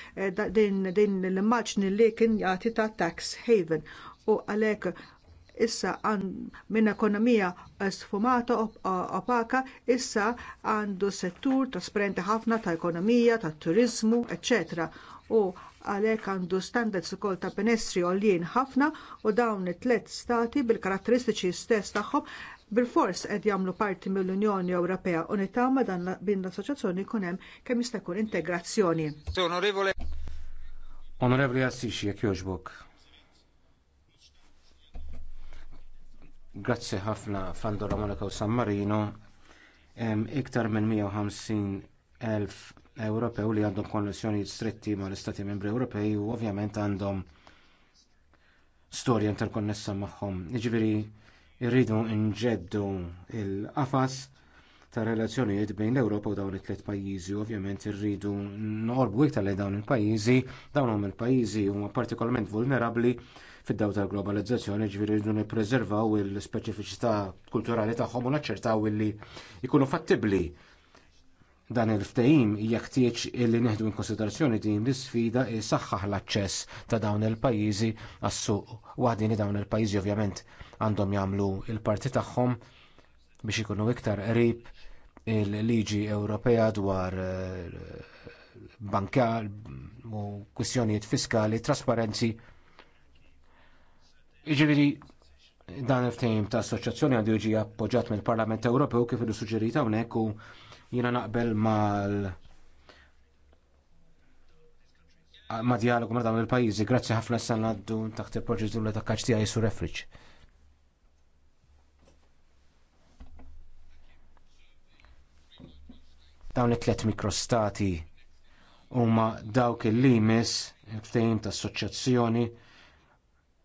din l-immaġni li kien jagħti ta' tax haven u għalhekk issa għan minn ekonomija sfumata opaka, issa għandu settur trasparenti ħafna ta' ekonomija, ta' turizmu, eccetera u għalhekk għandu standards ukoll ta' benessri għoljien ħafna u dawn it tlet stati bil-karatteristiċi stess tagħhom bilfors qed jagħmlu parti mill-Unjoni Ewropea u nitama dan bin l-assoċjazzjoni jkun hemm kemm jista' jkun integrazzjoni. Onorevole. Onorevoli Assisi, jekk jogħġbok. Grazzi ħafna Fandora Monaco San Marino. Iktar minn 150 elf Ewropew li għandhom konnessjoni stretti mal istati membri Ewropej u ovvjament għandhom storja interkonnessa magħhom. Jiġifieri rridu nġeddu l qafas ta' relazzjonijiet bejn l-Ewropa u dawn it-tliet pajjiżi. Ovvjament irridu norbu iktar lejn dawn il-pajjiżi, dawn il-pajjiżi huma partikolarment vulnerabbli fid-daw tal-globalizzazzjoni, ġifieri rridu nippreservaw il-speċifiċità kulturali tagħhom u naċċertaw illi jkunu fattibbli dan il-ftehim jeħtieġ illi neħdu konsiderazzjoni din l-isfida saħħaħ l-aċċess ta' dawn il-pajjiżi għas-suq. Waħdini dawn il-pajjiżi ovvjament għandhom jagħmlu l-parti tagħhom biex ikunu iktar qrib il-liġi Ewropea dwar eh, banka u kwistjonijiet fiskali, trasparenzi. Iġifieri dan il-ftehim ta' assoċjazzjoni għandu jiġi appoġġjat mill-Parlament Ewropew kif ilu suġġerita hawnhekk u Jiena naqbel mal ma dialogu ma dawn il-pajjiżi. Grazzi ħafna s-san għaddu taħt il-proċedura ta' kaċ tiegħi sur Efriċ. Dawn it-tlet mikrostati huma dawk il-limis il-ftehim ta' assoċjazzjoni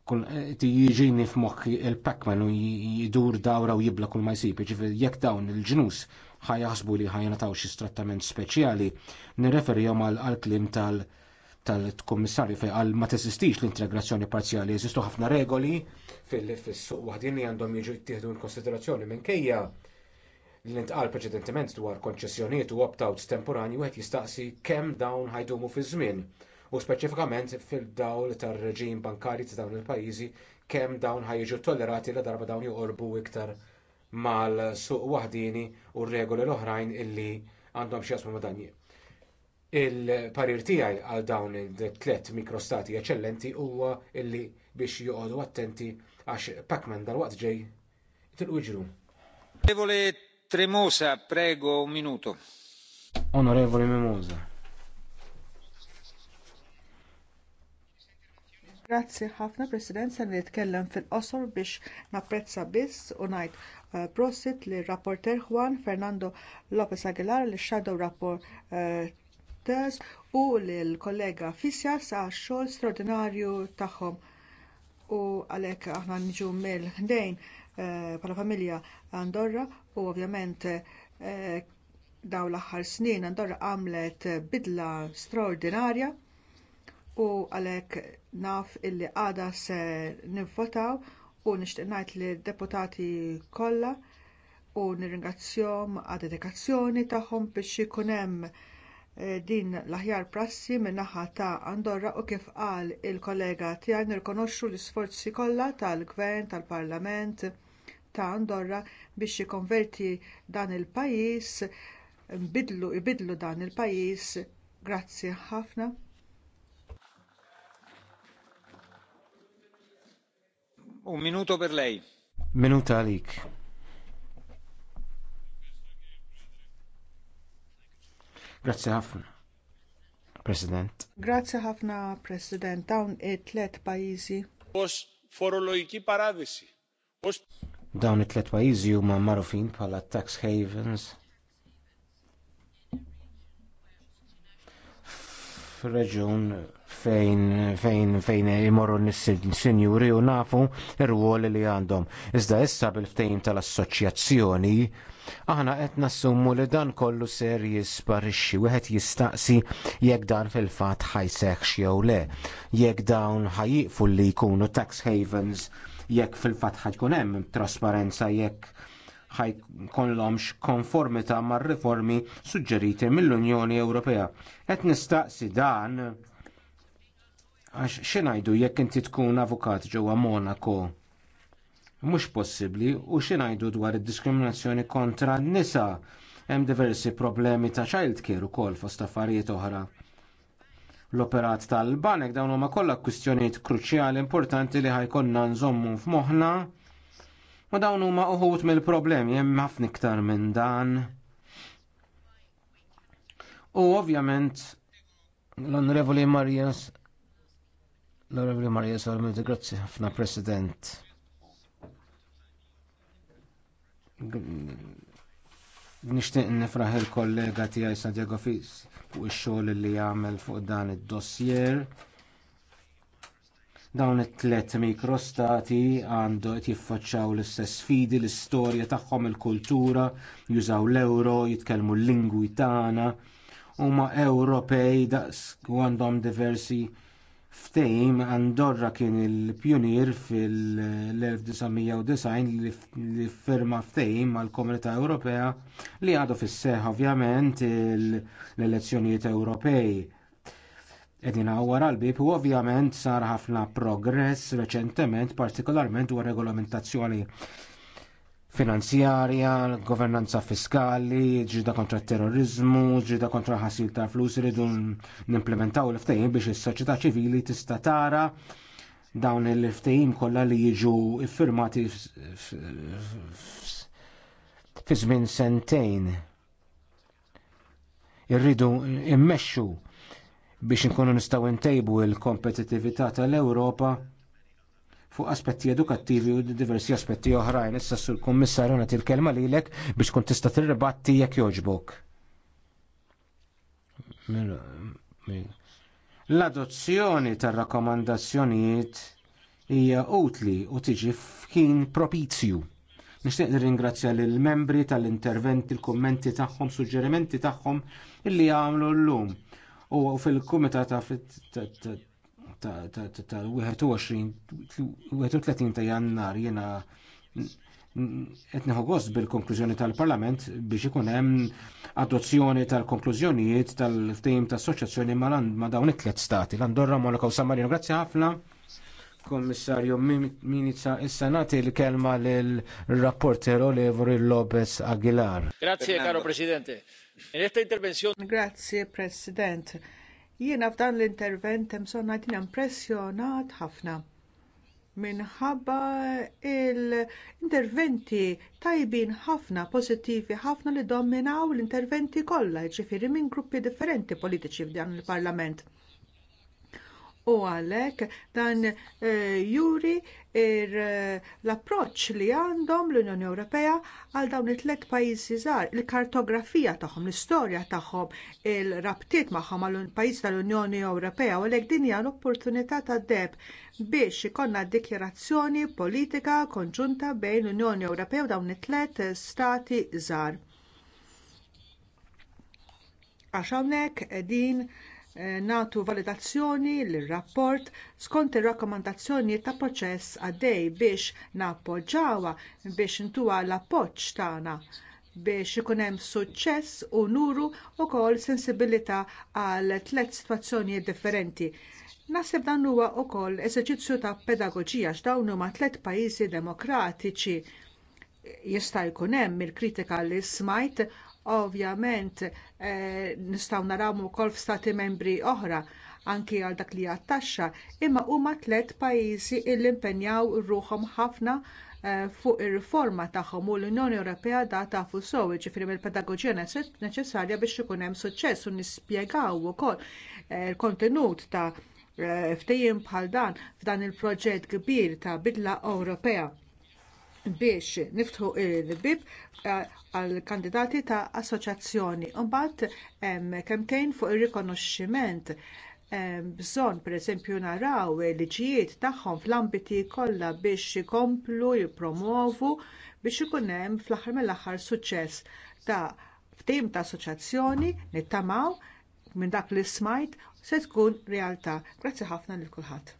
kun jiġini f'mokk il-pakman u jidur dawra u jibla kull ma jsib, ġifir jekk dawn il-ġnus ħajaħsbu li ħajnataw xi trattament speċjali. Nirreferjom għal klim tal- tal-Kummissarju fejn qal ma teżistix l-integrazzjoni parzjali, jeżistu ħafna regoli fil-suq waħdin li għandhom jiġu jittieħdu l-konsiderazzjoni minkejja li ntqal preċedentement dwar konċessjonijiet u opt-outs temporani wieħed jistaqsi kemm dawn ħajdumu fi żmien u speċifikament fil-dawl tar-reġim bankarji ta' dawn il-pajjiżi kemm dawn ħajġu tollerati la darba dawn joqorbu iktar mal-suq waħdini u r-regoli l-oħrajn illi għandhom xi jasmu dan Il-parir tiegħi għal dawn it-tliet mikrostati eċċellenti huwa illi biex joqogħdu attenti għax Pacman dal-waqt ġej tilqu ġru. Onorevole Tremosa, prego un minuto. Onorevole Mimosa. Grazzi ħafna President se nitkellem fil-qosor biex napprezza biss u ngħid eh, prosit li rapporter Juan Fernando Lopez Aguilar li shadow rapporters u lill kollega Fisjas għax xogħol straordinarju tagħhom u għalhekk aħna niġu mill-ħdejn eh, bħala familja Andorra u ovvjament eh, dawn l-aħħar snin Andorra għamlet bidla straordinarja u għalhekk naf illi għada se nivvotaw u nixtieq ngħid li deputati kollha u nirringrazzjahom għad dedikazzjoni tagħhom biex ikun hemm eh, din l-aħjar prassi min-naħa ta' Andorra u kif qal il-kollega tiegħi nirkonoxxu l-isforzi kollha tal-Gvern tal-Parlament ta' Andorra biex jikkonverti dan il-pajjiż bidlu ibidlu dan il-pajjiż grazzi ħafna Un per lei. Minuta għalik. Grazzi ħafna. President. Grazie ħafna, President. Dawn it-tlet pajjiżi. Os forologiki paradisi. Dawn it-tlet pajjiżi huma marufin bħala tax havens fil-reġun fejn fejn fejn imorru n-sinjuri u nafu r-ruol li għandhom. Iżda issa bil-ftejn tal-assoċjazzjoni, aħna qed nassumu li dan kollu ser jisparixxi wieħed jistaqsi jekk dan fil-fatt ħajseħx jew le, jekk dawn ħajiqfu li jkunu tax havens jekk fil-fatt ħajkun hemm trasparenza jekk ħajkollhomx konformità mar-riformi suġġeriti mill-Unjoni Ewropea. Qed nistaqsi dan għax xinajdu jekk inti tkun avukat ġewwa Monaco. Mhux possibbli u xinajdu dwar id-diskriminazzjoni kontra n-nisa hemm diversi problemi ta' childcare ukoll fost affarijiet oħra. L-operat tal-banek dawn huma kollha kwistjonijiet kruċjali importanti li ħajkonna nżommu f'moħħna Ma dawn huma uħut mill-problemi hemm ħafna iktar minn dan. U ovvjament l-Onorevoli Marias l-Onorevoli Marias għal-Milti grazzi ħafna President. Nishtiq nifraħ il-kollega tiegħi Santiago Fis fuq ix-xogħol li jagħmel fuq dan id-dossier. Dawn it-tlet mikrostati għandu qed jiffaċċaw l-istess sfidi, l-istorja tagħhom, il-kultura, jużaw l-euro, jitkellmu l-lingwi tagħna, huma Ewropej daqs għandhom diversi ftehim għandorra kien il-pjunier fil-1990 li firma ftehim mal komunità Ewropea li għadu fis seħħ ovvjament l-elezzjonijiet Ewropej Edin għawar għalbib u ovvjament sar ħafna progress reċentement, partikolarment dwar regolamentazzjoni finanzjarja, governanza fiskali, ġrida kontra terrorizmu, ġrida kontra ħasil ta' flus iridu nimplementaw l ftejim biex is-soċjetà ċivili tista' tara dawn il-ftehim kollha li jiġu iffirmati fi żmien sentejn. Irridu immexxu biex inkunu nistgħu ntejbu l-kompetitività tal-Ewropa fuq aspetti edukattivi u diversi aspetti oħrajn. Issa sur kummissarju nagħti il-kelma lilek biex kun tista' tirribatti jekk jogħġbok. Mela, mela. L-adozzjoni tar-rakkomandazzjonijiet hija utli u tiġi f'kien propizju. Nixtieq nirringrazzja lill membri tal-interventi, il-kummenti tagħhom, suġġerimenti tagħhom illi għamlu llum u fil-Kumitat ta' 31 ta' jannar jena etniħu għost bil-konklużjoni tal-Parlament biex ikun hemm adozzjoni tal-konklużjonijiet tal-ftehim ta' assoċjazzjoni ma' dawn it tlet stati. L-Andorra, Monaco, San Marino, grazzi ħafna. Kommissarju Minica, issa nagħti l-kelma lill rapporter Oliver Lopez Aguilar. Grazie, caro Presidente. Grazie, President. Jiena f'dan l-intervent hemm sonna impressjonat ħafna minħabba l-interventi tajbin ħafna, pożittivi ħafna li dominaw l-interventi kollha, ġifiri minn gruppi differenti politiċi f'dan il-Parlament u għalhekk dan eh, juri eh, l approċċ li għandhom l-Unjoni Ewropea għal dawn it-tlet pajjiżi żgħar, il-kartografija tagħhom, l-istorja tagħhom, il-rabtiet magħhom għal pajjiż tal-Unjoni Ewropea u għalhekk din hija l-opportunità ta' deb biex ikollna dikjerazzjoni politika konġunta bejn l-Unjoni Ewropea u dawn it-tlet stati żgħar. Għax hawnhekk din Eh, nagħtu validazzjoni lir rapport skont ir-rakkomandazzjonijiet ta' proċess għaddej biex nappoġġawha biex intuha l-appoġġ tagħna biex ikun hemm suċċess u nuru wkoll sensibilità għal tliet sitwazzjonijiet differenti. Naħseb dan huwa wkoll eżerċizzju ta' pedagoġija x'dawn huma tliet pajjiżi demokratiċi jista' jkun hemm il-kritika li smajt Ovvjament eh, nistgħu naraw ukoll f'stati membri oħra anki għal dak li għat imma huma tliet pajjiżi li impenjaw ruħhom ħafna eh, fuq ir-riforma tagħhom u l-Unjoni Ewropea da tafu sew, ġifieri mill pedagoġija neċessarja biex ikun hemm suċċess u nispjegaw ukoll eh, il-kontenut ta' ftehim bħal dan f'dan il-proġett kbir ta' bidla Ewropea biex niftħu il-bib eh, għall kandidati ta' assoċjazzjoni. Imbagħad hemm kemmtejn fuq ir-rikonoxximent bżonn pereżempju naraw liġijiet tagħhom fl-ambiti kollha biex jikomplu jippromovu biex ikun hemm fl-aħħar mill-aħħar suċċess ta' ftim ta' assoċjazzjoni nittamaw minn dak li smajt se tkun realtà. Grazzi ħafna lil kulħadd.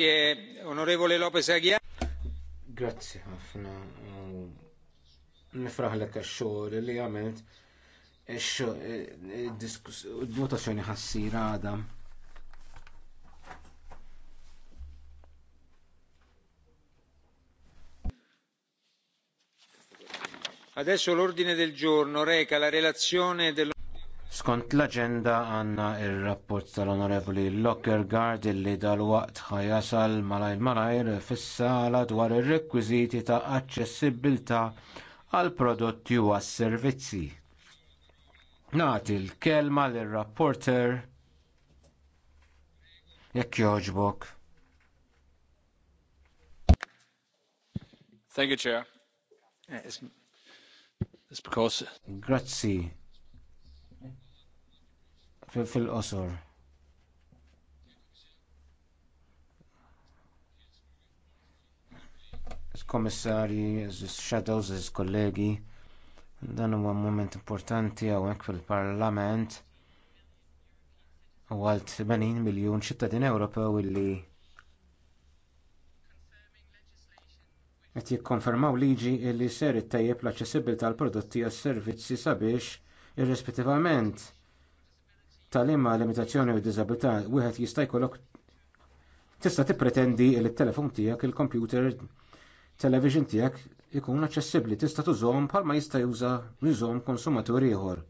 Eh, Grazzi ħafna. u Nifraħlek għax-xogħol li għamilt eh, eh, il-votazzjoni ħassira għadha. Adesso l'ordine del giorno reca la relazione dell'onorevole Skont l-agenda għanna il-rapport tal-Onorevoli Lockergard illi dal-waqt ħajasal malajr malajr fis-sala dwar ir-rekwiżiti ta' aċċessibilità għal prodotti u għas servizzi. Nagħti l-kelma lir-rapporter jekk jogħġbok. Thank you, Chair. It's, because... Grazzi fil-qosor. Komissarji, shadows, kollegi, dan huwa mument importanti hawnhekk fil-Parlament u għal 80 miljun ċittadin Ewropew illi qed jikkonfermaw liġi li ser ittejjeb l-aċċessibilità tal prodotti għas servizzi sabiex irrispettivament tal-imma limitazzjoni u disabilità wieħed jista' jkollok tista' tippretendi li t-telefon tiegħek, il-computer, television tiegħek ikun aċċessibbli tista' tużhom bħalma jista' juża jużhom konsumatur ieħor.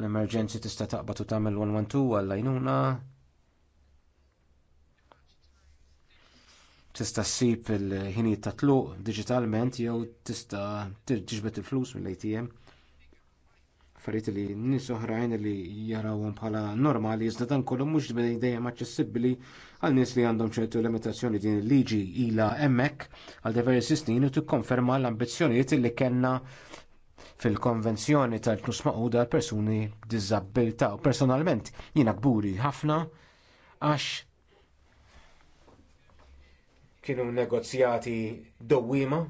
L-emerġenzi tista' taqbad u tagħmel 112 għall-għajnuna. Tista' ssib il-ħinijiet ta' tluq diġitalment jew tista' tiġbed il-flus mill-ATM affarijiet li nies oħrajn li jarawhom bħala normali iżda dan kollu mhux dejjem aċċessibbli għal nies li għandhom ċertu limitazzjoni din il-liġi ilha hemmhekk għal diversi snin u tikkonferma l-ambizzjonijiet li kellna fil-konvenzjoni tal-knus maquda għal persuni b'diżabilità u personalment jiena kburi ħafna għax kienu negozjati dowwiema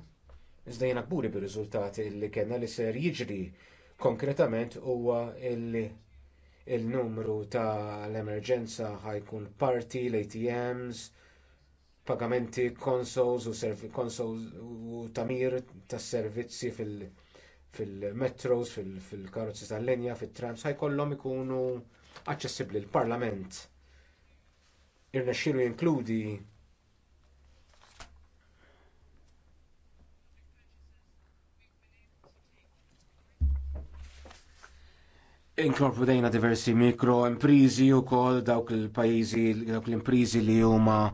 iżda jiena kburi bir-riżultati li kellna li ser jiġri Konkretament huwa illi il-numru tal emerġenza ħajkun parti l-ATMs, pagamenti konsols u konsols u tamir tas servizzi fil-metros, fil-karozzi tal-linja, fit-trams, ħajkollhom ikunu aċċessibbli l-Parlament. Irnexxielu jinkludi inkorpu dejna diversi mikro imprizi u kol dawk il-pajizi, dawk l-imprizi li huma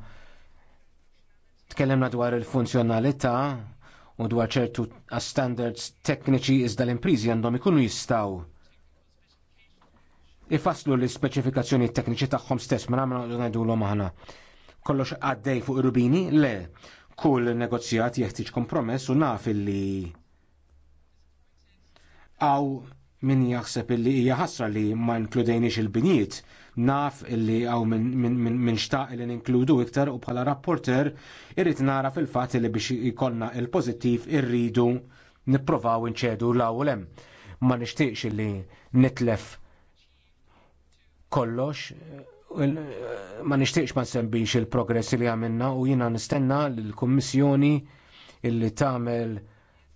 tkellemna dwar il-funzjonalità u dwar ċertu standards tekniċi iżda l-imprizi għandhom ikunu jistaw ifaslu l ispeċifikazzjoni tekniċi tagħhom stess ma nagħmlu ngħidulhom aħna. Kollox għaddej fuq ir-Rubini, Le. Kull negozjat jeħtieġ kompromess u naf illi għaw min jaħseb illi hija ħasra li ma inkludejniex il-binijiet, naf illi għaw minn xtaq li ninkludu iktar u bħala rapporter irrit nara fil-fat li biex ikolna il-pozittiv irridu nipprovaw inċedu l-awlem. Ma nishtiqx illi nitlef kollox ma nixtieqx ma nsembix il-progress li għamilna u jina nistenna l-Kummissjoni illi tagħmel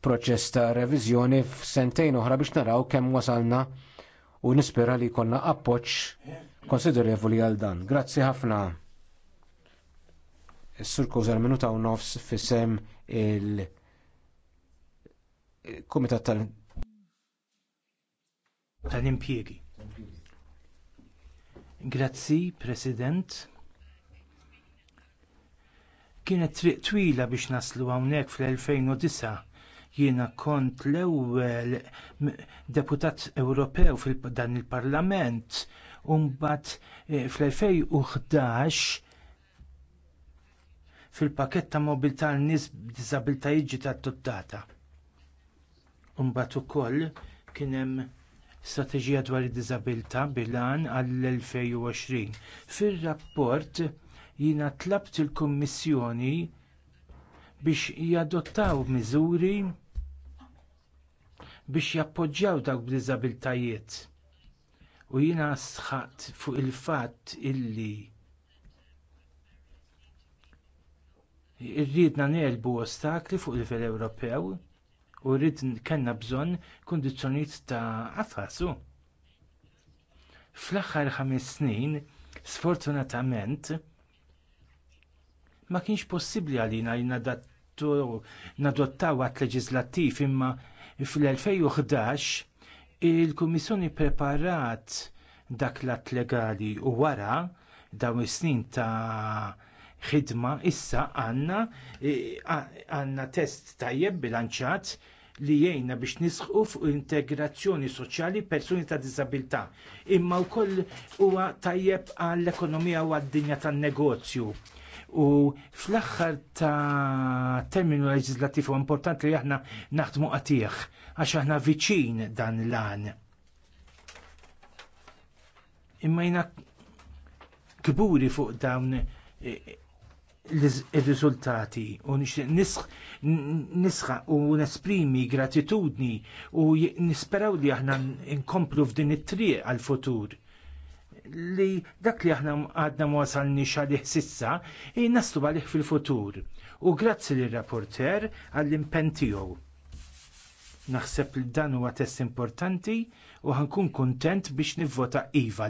proċess ta' reviżjoni f'sentejn oħra biex naraw kemm wasalna u nispera li jkollna appoġġ konsiderevoli għal dan. Grazzi ħafna. sur Kużar minuta u nofs fissem il komitat tal tal-impjiegi. Grazzi, President kienet triq twila biex naslu hawnhekk fl-2009 Jiena kont l-ewwel deputat Ewropew fil-dan il-Parlament u mbagħad eh, fl-2011 fil-pakett ta' mobilità għal nies b'diżabilitajiet ġiet adottata. Mbagħad ukoll kien hemm strateġija dwar id-diżabilità bilan għall-2020. Fir-rapport jiena tlabt il-Kummissjoni biex jadottaw miżuri biex jappoġġjaw dawk b-diżabiltajiet U jiena sħat fuq il-fatt illi rridna nelbu ostakli fuq livell Ewropew u rrid kellna bżonn kundizzjonijiet ta' affasu. Fl-aħħar ħames snin, sfortunatament, ma kienx possibbli għalina li nadottaw għat leġislattiv imma fl-2011 il-Kummissjoni preparat dak l-att legali u wara dawn is-snin ta' ħidma issa għandna e, għandna test tajjeb bilanċat li jgħinna biex nisħu fuq integrazzjoni soċjali persuni ta' disabilità. Imma wkoll huwa tajjeb għall-ekonomija u għad-dinja tan-negozju u fl-aħħar ta' terminu leġislattiv u importanti li aħna naħdmu qatih għax aħna viċin dan l-għan. Imma jina kburi fuq dawn e, e, il-riżultati u nisħa u nesprimi gratitudni u nisperaw li aħna nkomplu f'din it-triq għal-futur li dak li aħna għadna ma wasalni xalih sissa jinnastu għalih fil-futur. U grazzi li rapporter għall-impenn tiegħu. Naħseb li dan huwa test importanti u ħankun kuntent biex nivvota iva